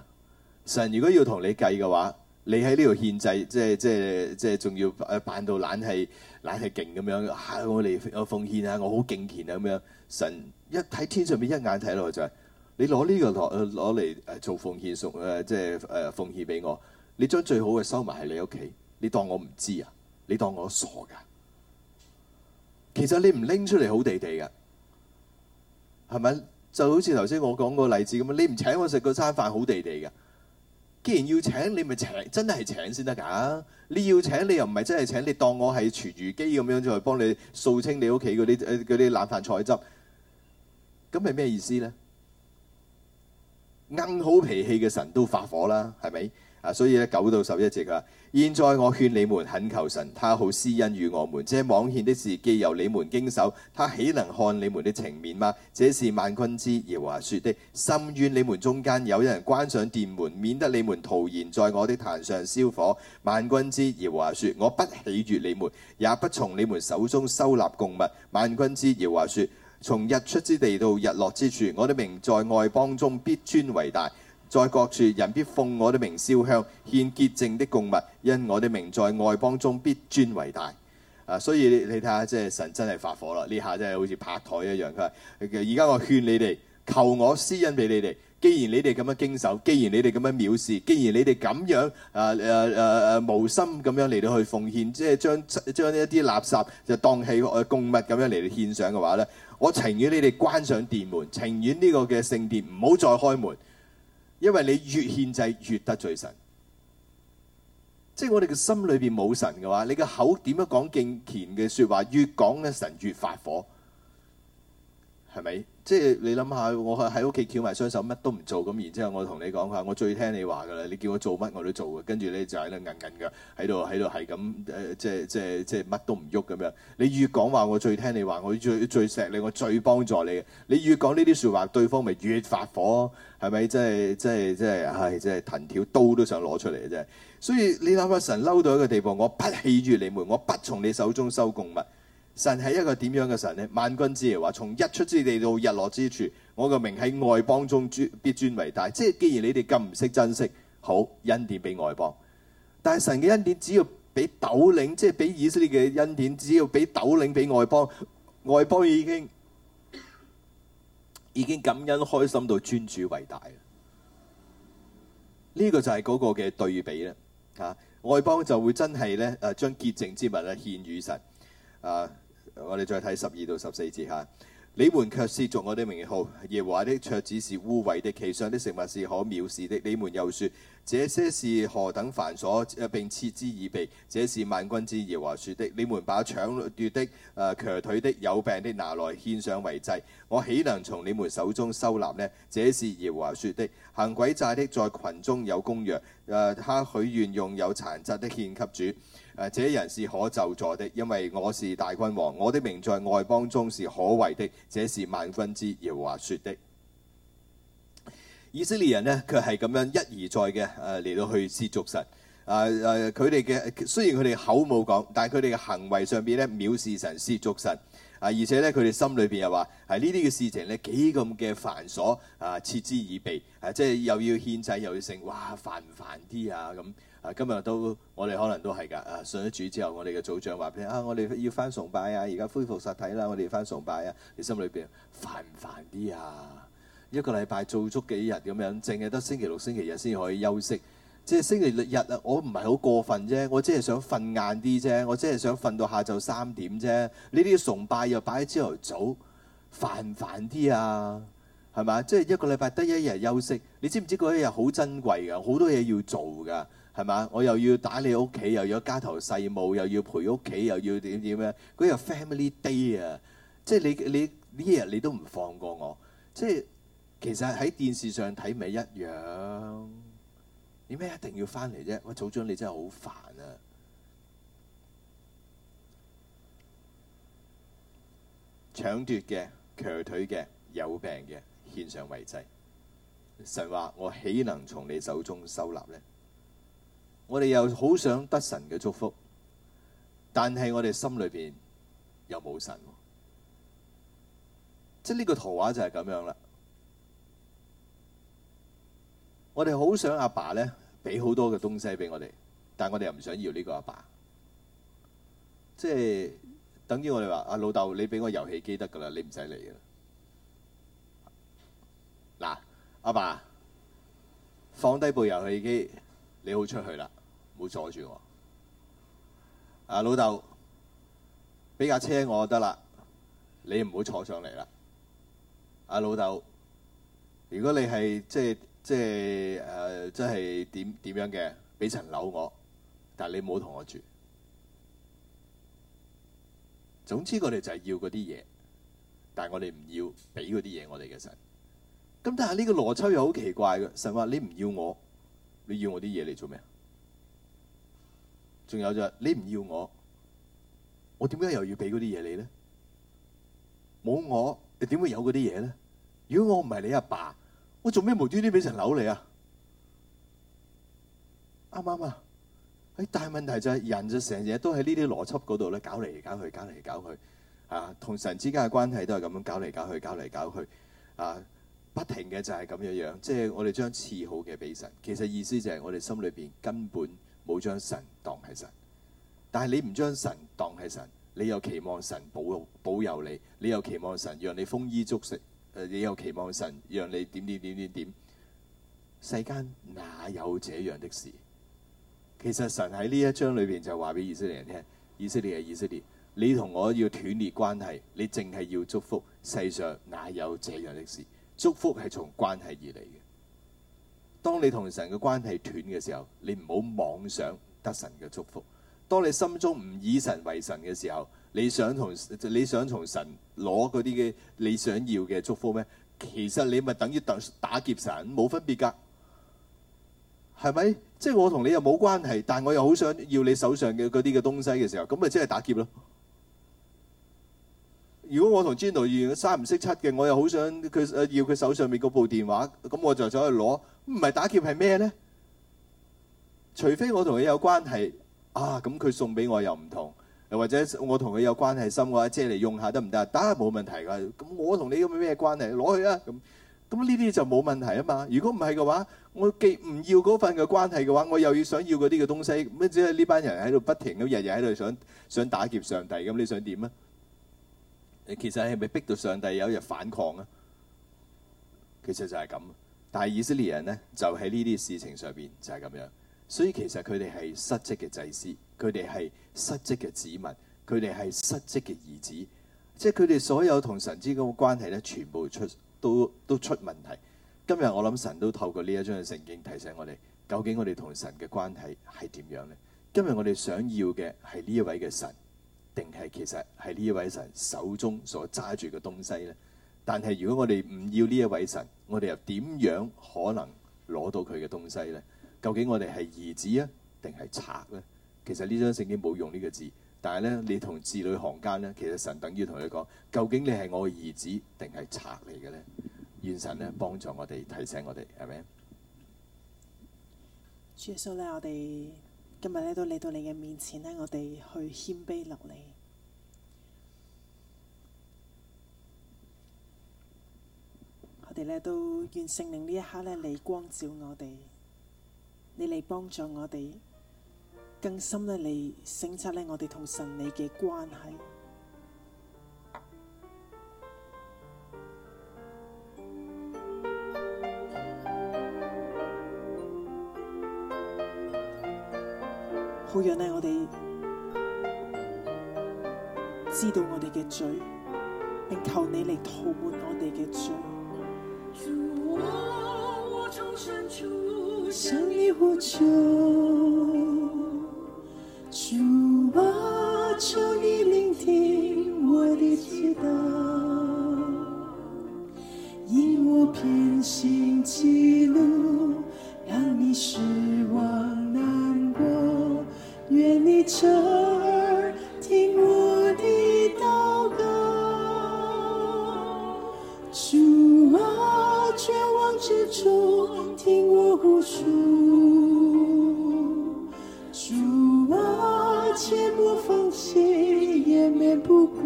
A: 神如果要同你計嘅話，你喺呢度獻祭，即係即係即係仲要扮到懶係懶係勁咁樣吓、啊，我哋我奉獻啊，我好敬虔啊咁樣神。一睇天上面，一眼睇落去就係、是、你攞呢、這個攞嚟、呃、做奉獻，送、呃、即係誒、呃、奉獻俾我。你將最好嘅收埋喺你屋企，你當我唔知啊？你當我傻噶？其實你唔拎出嚟好地地嘅，係咪？就好似頭先我講個例子咁樣！你唔請我食個餐飯，好地地嘅。既然要請，你咪請，請，真係請先得㗎。你要請，你又唔係真係請，你當我係廚餘機咁樣，再幫你掃清你屋企嗰啲嗰啲冷飯菜汁。咁係咩意思呢？硬好脾氣嘅神都發火啦，係咪？啊，所以咧九到十一節啊，現在我勸你們懇求神，他好施恩與我們。這妄獻的事既由你們經手，他豈能看你們的情面嗎？這是萬軍之耶和華說的。深怨你們中間有人關上殿門，免得你們徒然在我的壇上燒火。萬軍之耶和華說：我不喜悅你們，也不從你們手中收納供物。萬軍之耶和華說。從日出之地到日落之處，我的名在外邦中必尊為大，在各處人必奉我的名燒香獻潔淨的供物，因我的名在外邦中必尊為大。啊，所以你睇下，即係神真係發火啦！呢下真係好似拍台一樣，佢話：而家我勸你哋，求我施恩俾你哋。既然你哋咁樣經手，既然你哋咁樣藐視，既然你哋咁樣誒誒誒誒無心咁樣嚟到去奉獻，即係將將一啲垃圾就當起供物咁樣嚟到獻上嘅話咧，我情願你哋關上殿門，情願呢個嘅聖殿唔好再開門，因為你越獻祭越得罪神，即係我哋嘅心裏邊冇神嘅話，你嘅口點樣講敬虔嘅説話，越講咧神越發火，係咪？即係你諗下，我係喺屋企翹埋雙手，乜都唔做咁，然之後我同你講下，我最聽你話㗎啦，你叫我做乜我都做嘅，跟住咧就喺度韌韌㗎，喺度喺度係咁誒，即係即係即係乜都唔喐咁樣。你越講話我最聽你話，我最最錫你，我最幫助你嘅。你越講呢啲説話，對方咪越發火，係咪？即係即係即係係、哎、即係藤條刀都想攞出嚟嘅啫。所以你諗下，神嬲到一個地步， <noise> 我不喜悅你們，我不從你手中收供物。神係一個點樣嘅神呢？萬軍之耶和華話：從日出之地到日落之處，我嘅名喺外邦中尊必尊為大。即係既然你哋咁唔識珍惜，好恩典俾外邦。但係神嘅恩典只要俾斗領，即係俾以色列嘅恩典，只要俾斗領俾外邦，外邦已經已經感恩開心到尊主為大呢、呢個就係嗰個嘅對比啦。嚇、啊，外邦就會真係咧，誒將潔淨之物啊獻與神，誒、啊。我哋再睇十二到十四節哈，你們卻褻瀆我的名號，耶和華的桌子是污穢的，其上的食物是可藐視的。你們又説這些是何等繁瑣、啊，並嗤之以鼻，這是萬軍之耶和華説的。你們把搶奪的、誒、呃、瘸腿的、有病的拿來獻上為祭，我豈能從你們手中收納呢？這是耶和華説的。行詭詐的在群中有公羊，誒、呃、他許願用有殘疾的獻給主。誒、啊，這人是可咒詛的，因為我是大君王，我的名在外邦中是可畏的。這是萬軍之耶和華說的。以色列人咧，佢係咁樣一而再嘅誒嚟到去獅逐神。誒、啊、誒，佢哋嘅雖然佢哋口冇講，但係佢哋嘅行為上邊咧藐視神、獅逐神。啊，而且呢，佢哋心裏邊又話係呢啲嘅事情咧幾咁嘅繁瑣啊，嗤之以鼻，誒、啊，即係又要獻祭，又要成，哇，煩唔煩啲啊咁？啊！今日都我哋可能都係㗎。啊，信咗主之後，我哋嘅組長話俾你啊，我哋要返崇拜啊！而家恢復實體啦，我哋要返崇拜啊！你心裏邊煩唔煩啲啊？一個禮拜做足幾日咁樣，淨係得星期六、星期日先可以休息。即係星期六日啊，我唔係好過分啫，我即係想瞓晏啲啫，我即係想瞓到下晝三點啫。呢啲要崇拜又擺喺朝頭早，煩唔煩啲啊？係嘛？即係一個禮拜得一日休息，你知唔知嗰一日好珍貴㗎？好多嘢要做㗎。係嘛？我又要打你屋企，又要家頭細務，又要陪屋企，又要點點樣？嗰日係 family day 啊，即係你你呢日你，你都唔放過我，即係其實喺電視上睇咪一樣？點解一定要翻嚟啫？喂，組長你真係好煩啊！搶奪嘅、瘸腿嘅、有病嘅，獻上為祭。神話我豈能從你手中收納呢？我哋又好想得神嘅祝福，但係我哋心裏邊又冇神，即係呢個圖畫就係咁樣啦。我哋好想阿爸咧俾好多嘅東西俾我哋，但係我哋又唔想要呢個阿爸，爸，即係等於我哋話阿老豆，你俾我遊戲機得噶啦，你唔使嚟啦。嗱，阿爸，爸，放低部遊戲機，你好出去啦。唔好阻住我啊！老豆俾架車我得啦，你唔好坐上嚟啦。啊，老豆，啊，如果你係即係即係誒，即係點點樣嘅，俾層樓我，但係你唔好同我住。總之，我哋就係要嗰啲嘢，但係我哋唔要俾嗰啲嘢我哋嘅神。咁但係呢個邏輯又好奇怪嘅，神話，你唔要我，你要我啲嘢嚟做咩？仲有就係你唔要我，我點解又要俾嗰啲嘢你咧？冇我，你點會有嗰啲嘢咧？如果我唔係你阿爸，我做咩無端端俾層樓你啊？啱唔啱啊？誒、哎，但係問題就係人就成日都喺呢啲邏輯嗰度咧，搞嚟搞去，搞嚟搞去，啊，同神之間嘅關係都係咁樣搞嚟搞去，搞嚟搞去，啊，不停嘅就係咁樣樣，即係我哋將次好嘅俾神，其實意思就係我哋心裏面根本。冇將神當係神，但係你唔將神當係神，你又期望神保佑保佑你，你又期望神讓你豐衣足食，誒，你又期望神讓你點點點點點，世間哪有這樣的事？其實神喺呢一章裏邊就話俾以色列人聽：以色列係以色列，你同我要斷裂關係，你淨係要祝福，世上哪有這樣的事？祝福係從關係而嚟嘅。當你同神嘅關係斷嘅時候，你唔好妄想得神嘅祝福。當你心中唔以神為神嘅時候，你想同你想從神攞嗰啲嘅你想要嘅祝福咩？其實你咪等於打打劫神，冇分別㗎，係咪？即係我同你又冇關係，但我又好想要你手上嘅嗰啲嘅東西嘅時候，咁咪即係打劫咯。如果我同 Gino 二三唔識七嘅，我又好想佢誒要佢手上面嗰部電話，咁我就走去攞，唔係打劫係咩呢？除非我同佢有關係啊，咁佢送俾我又唔同，又或者我同佢有關係深嘅話，借嚟用下得唔得啊？得，冇問題㗎。咁我同你咁咩關係？攞去啊！咁咁呢啲就冇問題啊嘛。如果唔係嘅話，我既唔要嗰份嘅關係嘅話，我又要想要嗰啲嘅東西，咁只係呢班人喺度不停咁日日喺度想想打劫上帝咁，你想點啊？其實你係咪逼到上帝有一日反抗啊？其實就係咁，但係以色列人呢，就喺呢啲事情上邊就係咁樣，所以其實佢哋係失職嘅祭司，佢哋係失職嘅子民，佢哋係失職嘅兒子，即係佢哋所有同神之間嘅關係呢，全部出都都出問題。今日我諗神都透過呢一章嘅聖經提醒我哋，究竟我哋同神嘅關係係點樣呢？今日我哋想要嘅係呢一位嘅神。定係其實係呢一位神手中所揸住嘅東西呢？但係如果我哋唔要呢一位神，我哋又點樣可能攞到佢嘅東西呢？究竟我哋係兒子啊，定係賊呢？其實呢張聖經冇用呢個字，但係呢，你同字裏行間呢，其實神等於同你講：究竟你係我嘅兒子定係賊嚟嘅呢？」「願神呢，幫助我哋提醒我哋，係咪？
B: 接下咧，我哋。今日咧都嚟到你嘅面前呢，我哋去謙卑落嚟。我哋呢，都願聖靈呢一刻呢，你光照我哋，你嚟幫助我哋，更深咧嚟省察呢，我哋同神你嘅關係。會讓我哋知道我哋嘅罪，並求你嚟塗抹我哋嘅
C: 罪。主啊，我從側耳聽我的禱告，主啊，絕望之中聽我呼訴，主啊，切莫放棄，掩面不顧。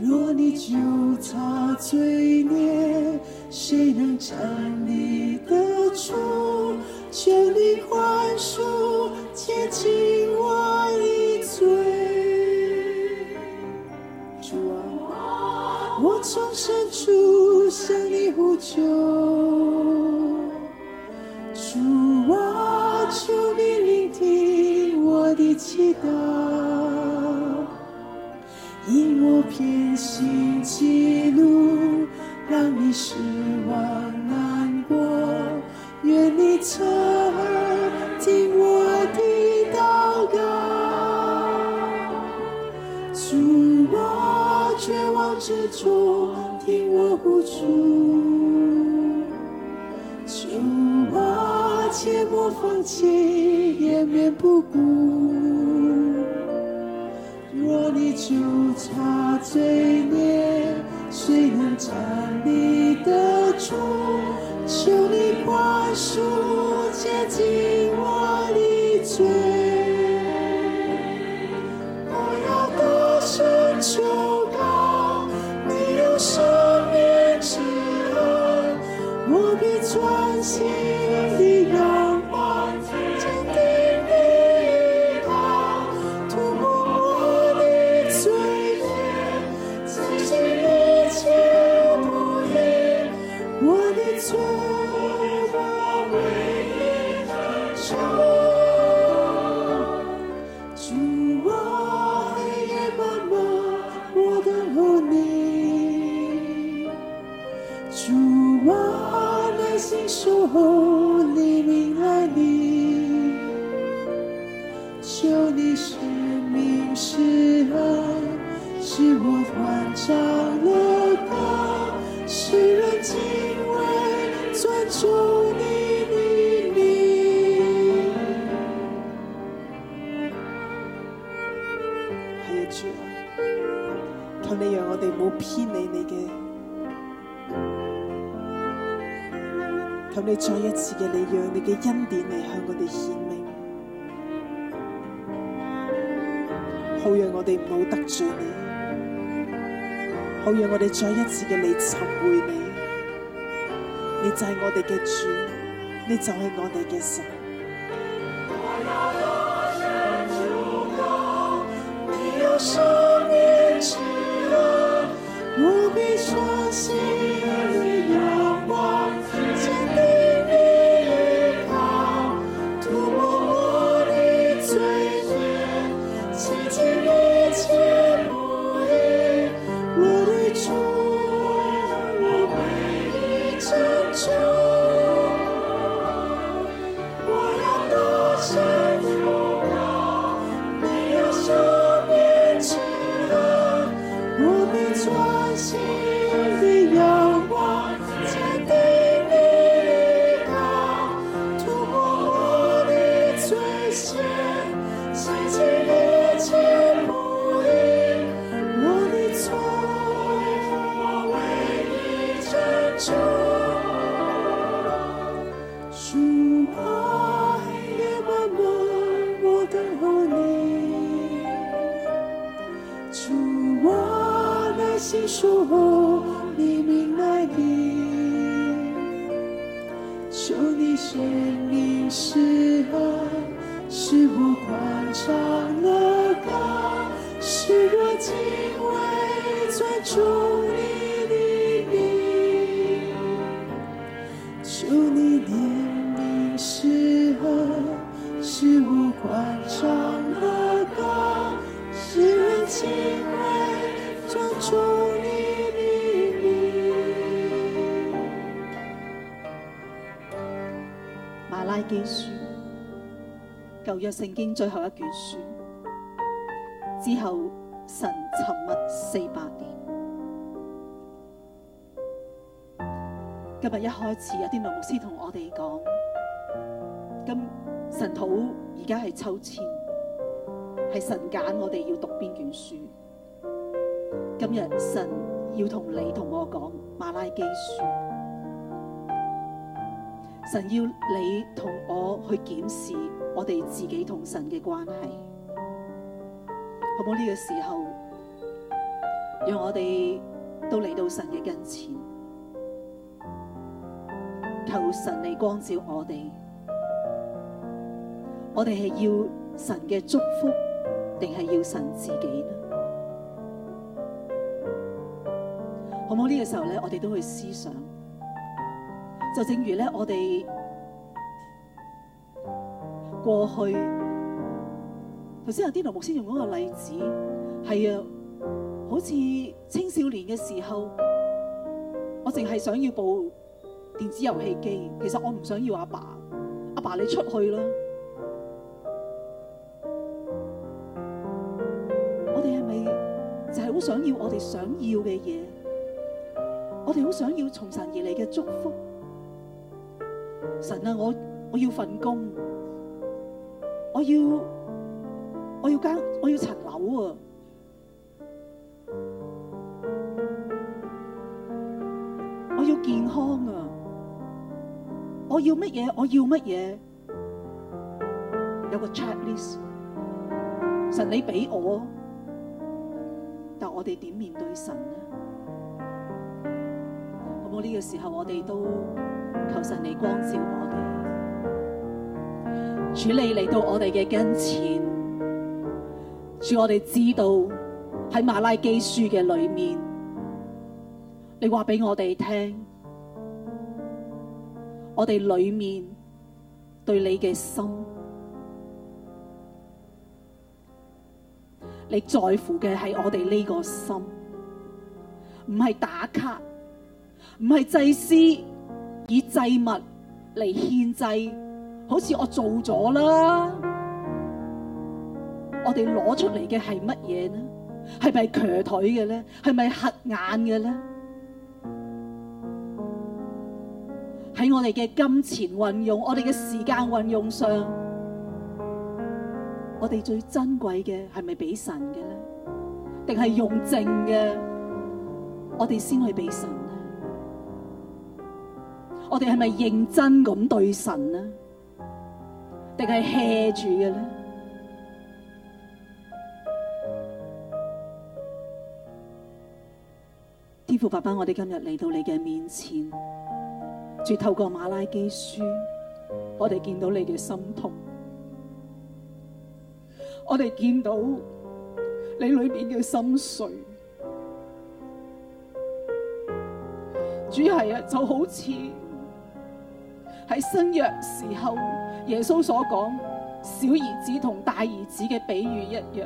C: 若你究察罪孽，誰能站？偏心記錄，讓你失望難過。願你側耳聽我的禱告，助我絕望之中聽我呼。住，助我切莫放棄也免不顧。若你糾纏。罪孽，誰能站立得住？求你寬恕，潔淨。
B: 好讓我哋再一次嘅嚟尋回你，你就係我哋嘅主，
C: 你就係我哋嘅神。 <music>
D: 聖經最後一卷書之後，神沉默四百年。今日一開始，有啲女牧師同我哋講，今神土而家係秋簽，係神揀我哋要讀邊卷書。今日神要同你同我講《馬拉基書》，神要你同我去檢視。我哋自己同神嘅關係，好冇？呢個時候，讓我哋都嚟到神嘅跟前，求神嚟光照我哋。我哋係要神嘅祝福，定係要神自己呢？好冇？呢個時候咧，我哋都去思想，就正如咧，我哋。過去頭先阿 Dino 牧師先用嗰個例子係啊，好似青少年嘅時候，我淨係想要部電子遊戲機，其實我唔想要阿爸，阿爸你出去啦！我哋係咪就係好想要我哋想要嘅嘢？我哋好想要從神而嚟嘅祝福。神啊，我我要份工。我要我要間，我要層樓啊！我要健康啊！我要乜嘢？我要乜嘢？有個 checklist，神你俾我，但我哋點面對神呢？好唔好呢個時候，我哋都求神你光照我哋。主你嚟到我哋嘅跟前，主我哋知道喺馬拉基書嘅裏面，你話俾我哋聽，我哋裏面對你嘅心，你在乎嘅係我哋呢個心，唔係打卡，唔係祭司以祭物嚟獻祭。好似我做咗啦，我哋攞出嚟嘅係乜嘢呢？係咪瘸腿嘅呢？係咪黑眼嘅呢？喺我哋嘅金錢運用、我哋嘅時間運用上，我哋最珍貴嘅係咪俾神嘅呢？定係用剩嘅，我哋先去俾神呢？我哋係咪認真咁對神呢？定係 hea 住嘅咧？天父爸爸，我哋今日嚟到你嘅面前，主透過馬拉基書，我哋見到你嘅心痛，我哋見到你裏邊嘅心碎，主要係啊，就好似喺新約時候。耶穌所講小兒子同大兒子嘅比喻一樣，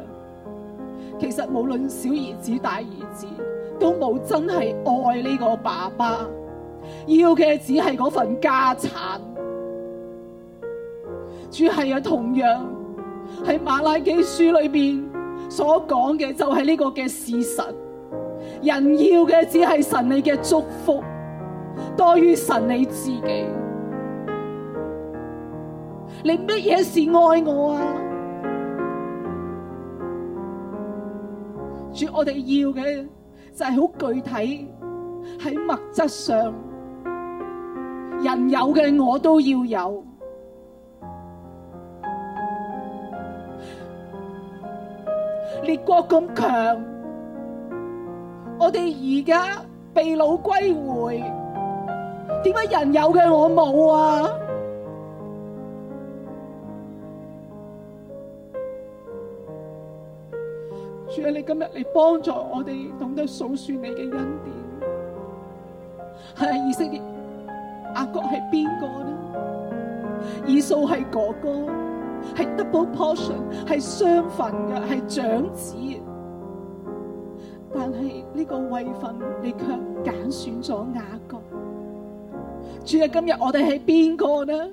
D: 其實無論小兒子大兒子都冇真係愛呢個爸爸，要嘅只係嗰份家產。主係同樣喺馬拉基書裏邊所講嘅就係呢個嘅事實，人要嘅只係神你嘅祝福多於神你自己。你乜嘢事愛我啊？主，我哋要嘅就係好具體，喺物質上，人有嘅我都要有。列國咁強，我哋而家被擄歸回，點解人有嘅我冇啊？你今日嚟幫助我哋懂得數算你嘅恩典。係以色列，雅各係邊個呢？以掃係哥哥，係 double portion，係雙份嘅，係長子。但係呢個位份你卻揀選咗雅各。主啊，今日我哋係邊個呢？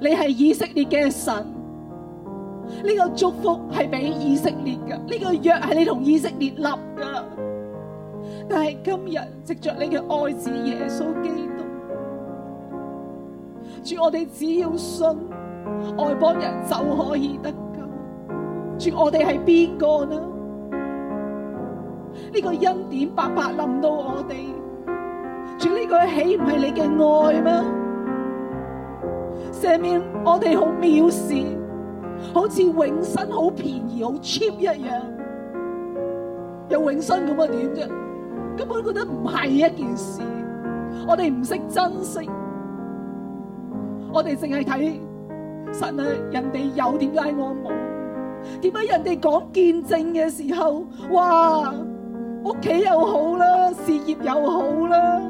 D: 你係以色列嘅神。呢個祝福係俾以色列噶，呢個約係你同以色列立噶。但係今日藉着你嘅愛子耶穌基督，主，我哋只要信外邦人就可以得救。主，我哋係邊個呢？呢個恩典白白臨到我哋。主，呢個豈唔係你嘅愛咩？赦免我哋好藐視。好似永生好便宜好 cheap 一樣，有永生咁啊？點啫？根本覺得唔係一件事，我哋唔識珍惜，我哋淨係睇實啊！人哋有，點解我冇？點解人哋講見證嘅時候，哇！屋企又好啦，事業又好啦，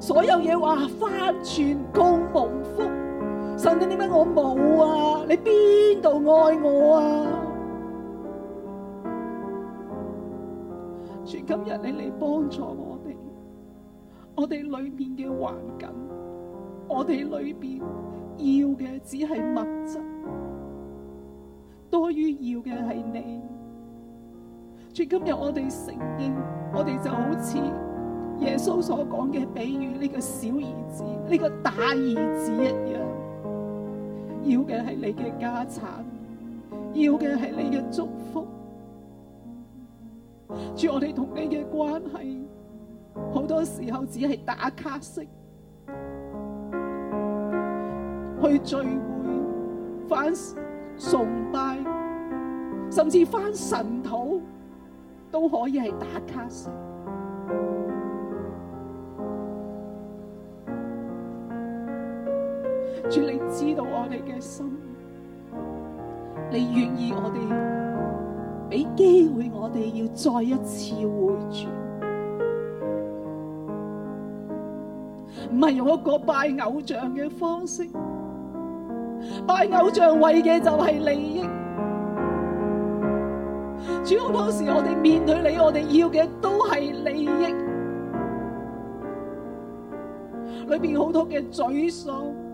D: 所有嘢話翻轉高蒙福。神啊，點解我冇啊？你邊度愛我啊？主今日你嚟幫助我哋，我哋裏面嘅環境，我哋裏邊要嘅只係物質，多於要嘅係你。主今日我哋承認，我哋就好似耶穌所講嘅比喻呢個小兒子、呢個大兒子一樣。要嘅係你嘅家產，要嘅係你嘅祝福。住我哋同你嘅關係，好多時候只係打卡式去聚會、返崇拜，甚至返神土都可以係打卡式。你嘅心，你願意我哋俾機會我哋要再一次回轉，唔係用一個拜偶像嘅方式，拜偶像為嘅就係利益。主要當時我哋面對你，我哋要嘅都係利益，裏邊好多嘅沮喪。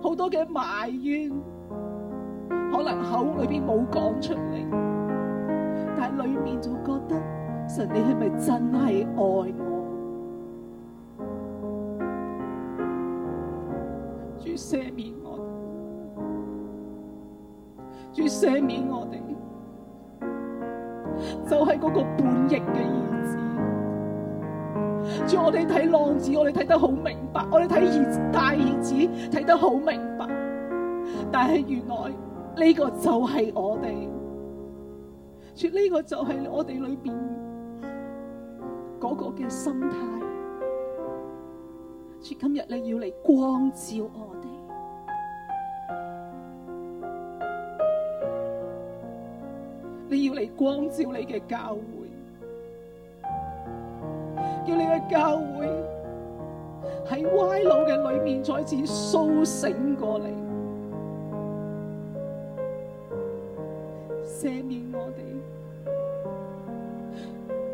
D: 好多嘅埋怨，可能口裏邊冇講出嚟，但係裏面就覺得神你係咪真係愛我？主赦免我，主赦免我哋，就係、是、嗰個叛逆嘅意思。主，我哋睇浪子，我哋睇得好明白；我哋睇兒大兒子，睇得好明白。但係原來呢個就係我哋，主呢個就係我哋裏邊嗰個嘅心態。主今日你要嚟光照我哋，你要嚟光照你嘅教會。教會喺歪路嘅裏面再次甦醒過嚟，赦免我哋，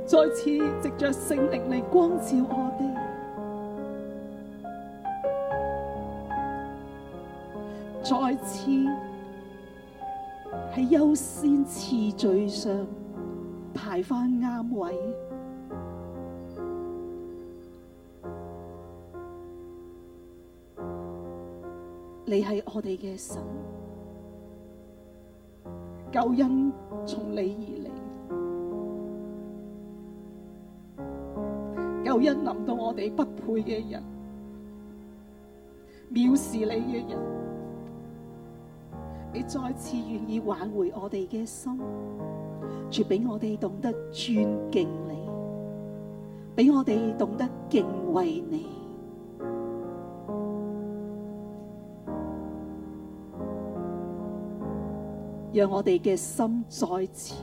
D: 再次藉着聖靈嚟光照我哋，再次喺優先次序上排返啱位。你係我哋嘅神，救恩從你而嚟，救恩臨到我哋不配嘅人、藐視你嘅人，你再次願意挽回我哋嘅心，絕俾我哋懂得尊敬你，俾我哋懂得敬畏你。讓我哋嘅心再次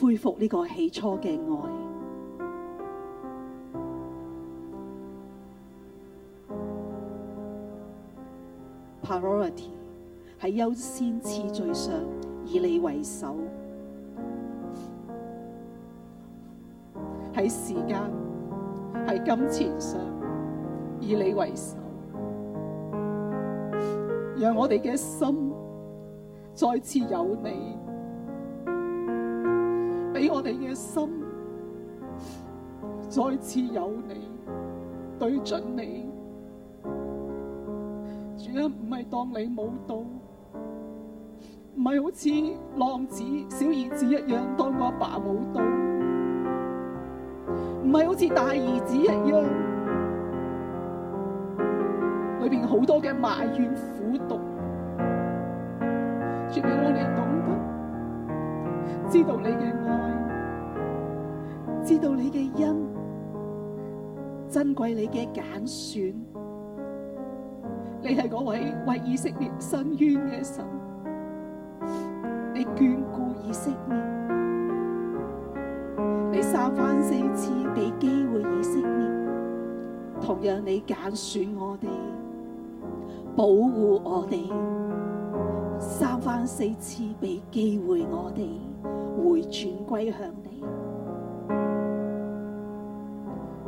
D: 恢復呢個起初嘅愛。Priority 喺優先次序上以你為首，喺時間、喺金錢上以你為首。讓我哋嘅心再次有你，俾我哋嘅心再次有你，對準你，主，人唔係當你冇到，唔係好似浪子小兒子一樣當個爸冇到，唔係好似大兒子一樣。裏邊好多嘅埋怨苦毒，求你俾我哋懂得知道你嘅愛，知道你嘅恩，珍貴你嘅揀選。你係嗰位為以色列伸冤嘅神，你眷顧以色列，你三番四次俾機會以色列，同樣你揀選我哋。保護我哋，三番四次俾機會我哋回轉歸向你。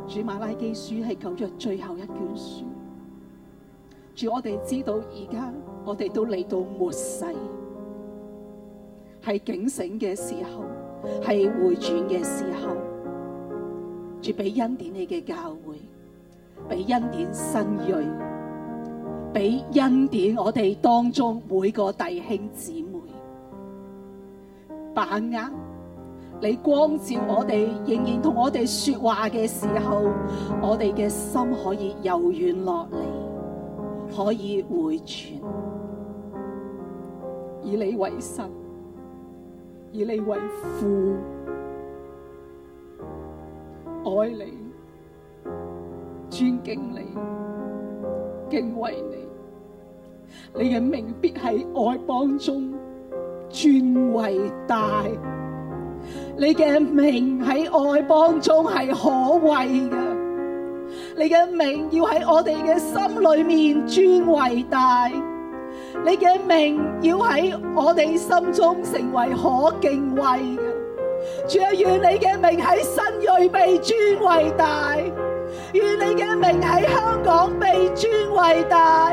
D: 主馬拉基書係舊約最後一卷書，主我哋知道而家我哋都嚟到末世，係警醒嘅時候，係回轉嘅時候。主俾恩典你嘅教會，俾恩典新銳。俾恩典我哋當中每個弟兄姊妹，把握你光照我哋，仍然同我哋說話嘅時候，我哋嘅心可以柔軟落嚟，可以回轉，以你為神，以你為父，愛你，尊敬你。敬畏你，你嘅名必喺外邦中尊為大。你嘅名喺外邦中係可畏嘅。你嘅名要喺我哋嘅心裏面尊為大。你嘅名要喺我哋心中成為可敬畏嘅。主啊，願你嘅名喺新銳被尊為大。願你嘅名喺香港被尊為大，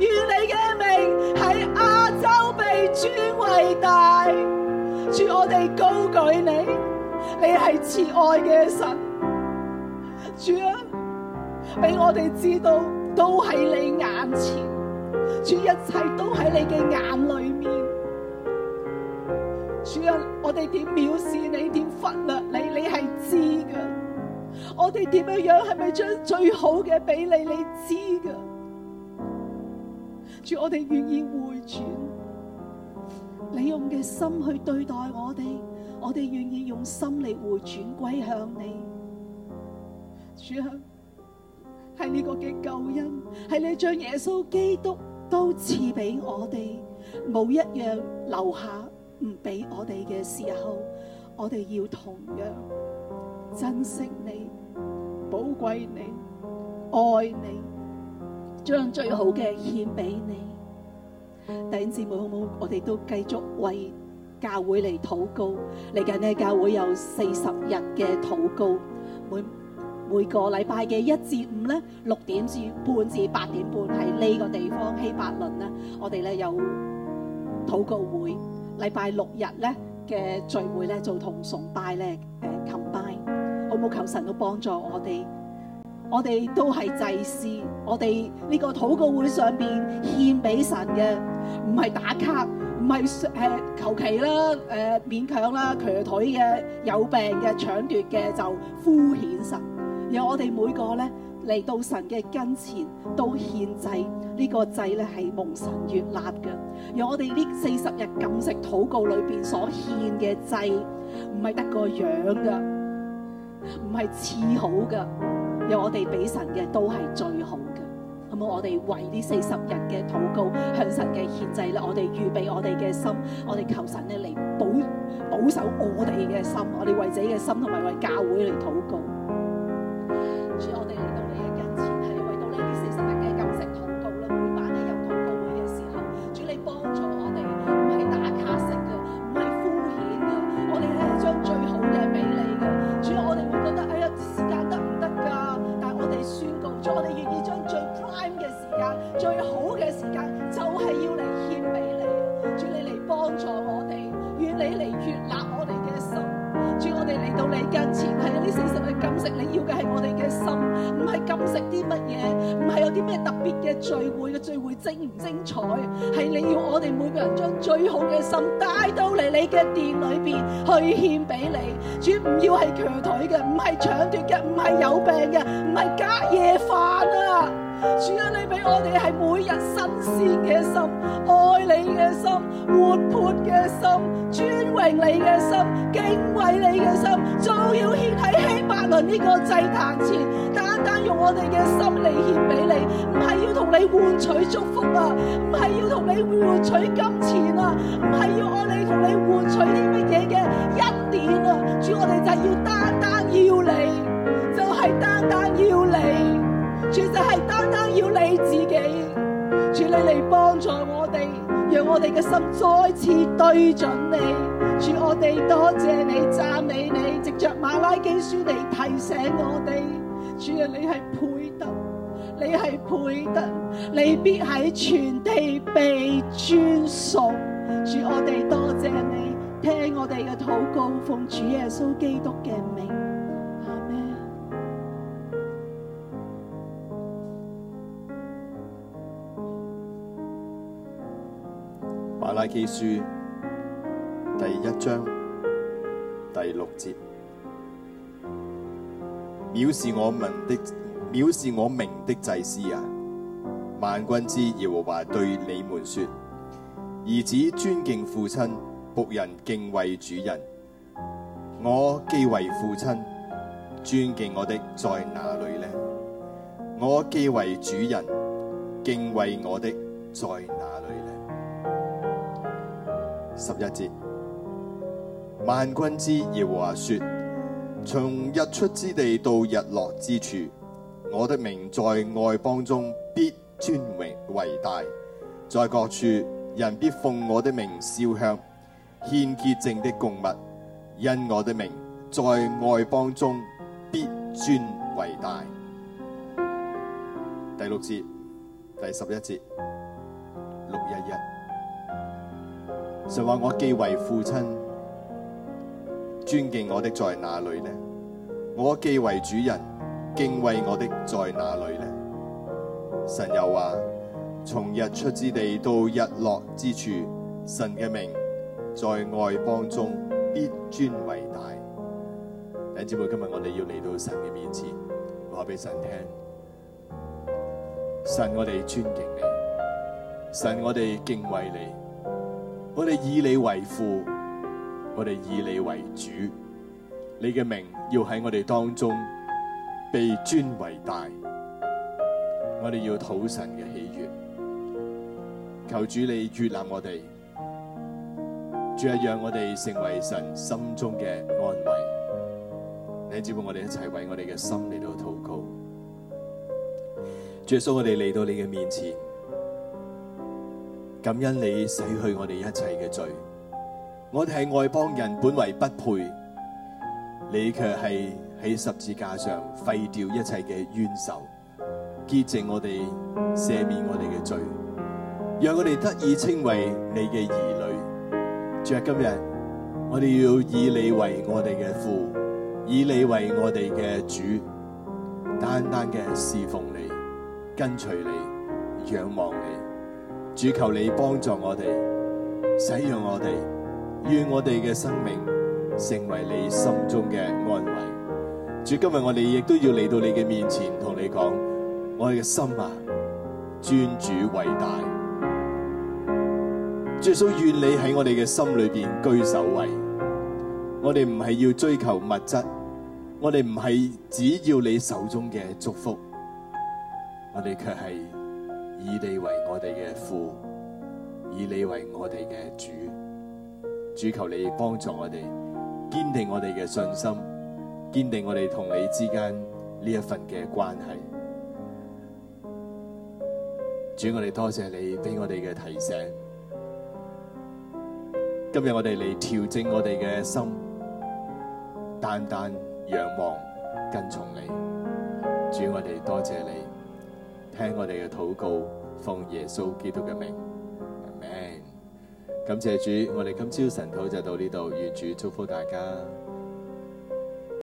D: 願你嘅名喺亞洲被尊為大。主，我哋高舉你，你係慈愛嘅神。主啊，俾我哋知道都喺你眼前，主一切都喺你嘅眼裏面。主啊，我哋點藐視你，點忽略你，你係知㗎。我哋點樣樣係咪將最好嘅俾你？你知㗎。主，我哋願意回轉，你用嘅心去對待我哋，我哋願意用心嚟回轉歸向你。主啊，係呢個嘅救恩，係你將耶穌基督都賜俾我哋，冇一樣留下唔俾我哋嘅時候，我哋要同樣珍惜你。寶貴你，愛你，將最好嘅獻俾你。弟兄姊妹好唔好？我哋都繼續為教會嚟禱告。嚟緊咧，教會有四十日嘅禱告。每每個禮拜嘅一至五咧，六點至半至八點半喺呢個地方希伯倫啦。我哋咧有禱告會。禮拜六日咧嘅聚會咧，就同崇拜咧誒琴拜。冇求神都幫助我哋，我哋我哋都係祭司，我哋呢個禱告會上邊獻俾神嘅，唔係打卡，唔係誒求其啦，誒、呃、勉強啦，瘸腿嘅、有病嘅、搶奪嘅就敷衍神。有我哋每個咧嚟到神嘅跟前，都獻祭呢、這個祭咧係蒙神悦納嘅。讓我哋呢四十日禁食禱告裏邊所獻嘅祭，唔係得個樣噶。唔係次好嘅，有我哋俾神嘅都係最好嘅，係、嗯、冇我哋為呢四十日嘅禱告向神嘅獻祭咧，我哋預備我哋嘅心，我哋求神咧嚟保保守我哋嘅心，我哋為自己嘅心同埋為教會嚟禱告。咩特別嘅聚會嘅聚會精唔精彩，係你要我哋每個人將最好嘅心帶到嚟你嘅殿裏邊去獻俾你，主唔要係瘸腿嘅，唔係搶奪嘅，唔係有病嘅，唔係隔夜飯啊！主啊，你俾我哋係每日新鮮嘅心，愛你嘅心，活潑嘅心，尊榮你嘅心，敬畏你嘅心，就要獻喺希伯倫呢個祭壇前，單單用我哋嘅心嚟獻俾你，唔係要同你換取祝福啊，唔係要同你換取金錢啊，唔係要我哋同你換取啲乜嘢嘅恩典啊，主，我哋就係要單單要你，就係單單要你。主就係單單要你自己，主你嚟幫助我哋，讓我哋嘅心再次對準你。主，我哋多謝你，讚美你，藉着馬拉基書嚟提醒我哋。主啊，你係配得，你係配得，你必喺全地被尊崇。主，我哋多謝你，聽我哋嘅禱告，奉主耶穌基督嘅名。
A: 《瑪拉基書》第一章第六節，藐視我民的，藐視我名的祭司啊！萬軍之耶和華對你們說：兒子尊敬父親，僕人敬畏主人。我既為父親，尊敬我的在哪裏呢？我既為主人，敬畏我的在哪裏呢？十一節，萬軍之耶和華說：從日出之地到日落之處，我的名在外邦中必尊榮為大，在各處人必奉我的名燒香，獻潔淨的供物，因我的名在外邦中必尊榮為大。第六節，第十一節，六一一。神話我既為父親，尊敬我的在哪裏呢？我既為主人，敬畏我的在哪裏呢？神又話：從日出之地到日落之處，神嘅名在外邦中必尊為大。弟兄姊妹，今日我哋要嚟到神嘅面前，話俾神聽：神，我哋尊敬你；神，我哋敬畏你。我哋以你為父，我哋以你為主，你嘅名要喺我哋當中被尊為大。我哋要討神嘅喜悦，求主你悦納我哋，主啊，讓我哋成為神心中嘅安慰。你接住我哋一齊為我哋嘅心嚟到禱告。耶穌，我哋嚟到你嘅面前。感恩你洗去我哋一切嘅罪，我哋係外邦人，本為不配，你卻係喺十字架上廢掉一切嘅冤仇，潔淨我哋，赦免我哋嘅罪，讓我哋得以稱為你嘅兒女。主啊，今日我哋要以你為我哋嘅父，以你為我哋嘅主，單單嘅侍奉你，跟隨你，仰望你。主，求你幫助我哋，使用我哋，願我哋嘅生命成為你心中嘅安慰。主，今日我哋亦都要嚟到你嘅面前同你講，我哋嘅心啊，尊主偉大。主，所願你喺我哋嘅心裏邊居首位。我哋唔係要追求物質，我哋唔係只要你手中嘅祝福，我哋卻係。以你為我哋嘅父，以你為我哋嘅主，主求你幫助我哋，堅定我哋嘅信心，堅定我哋同你之間呢一份嘅關係。主，我哋多謝你俾我哋嘅提醒。今日我哋嚟調整我哋嘅心，單單仰望跟從你。主，我哋多謝你。聽我哋嘅禱告，奉耶穌基督嘅名。Amen. 感謝主，我哋今朝晨禱就到呢度，願主祝福大家。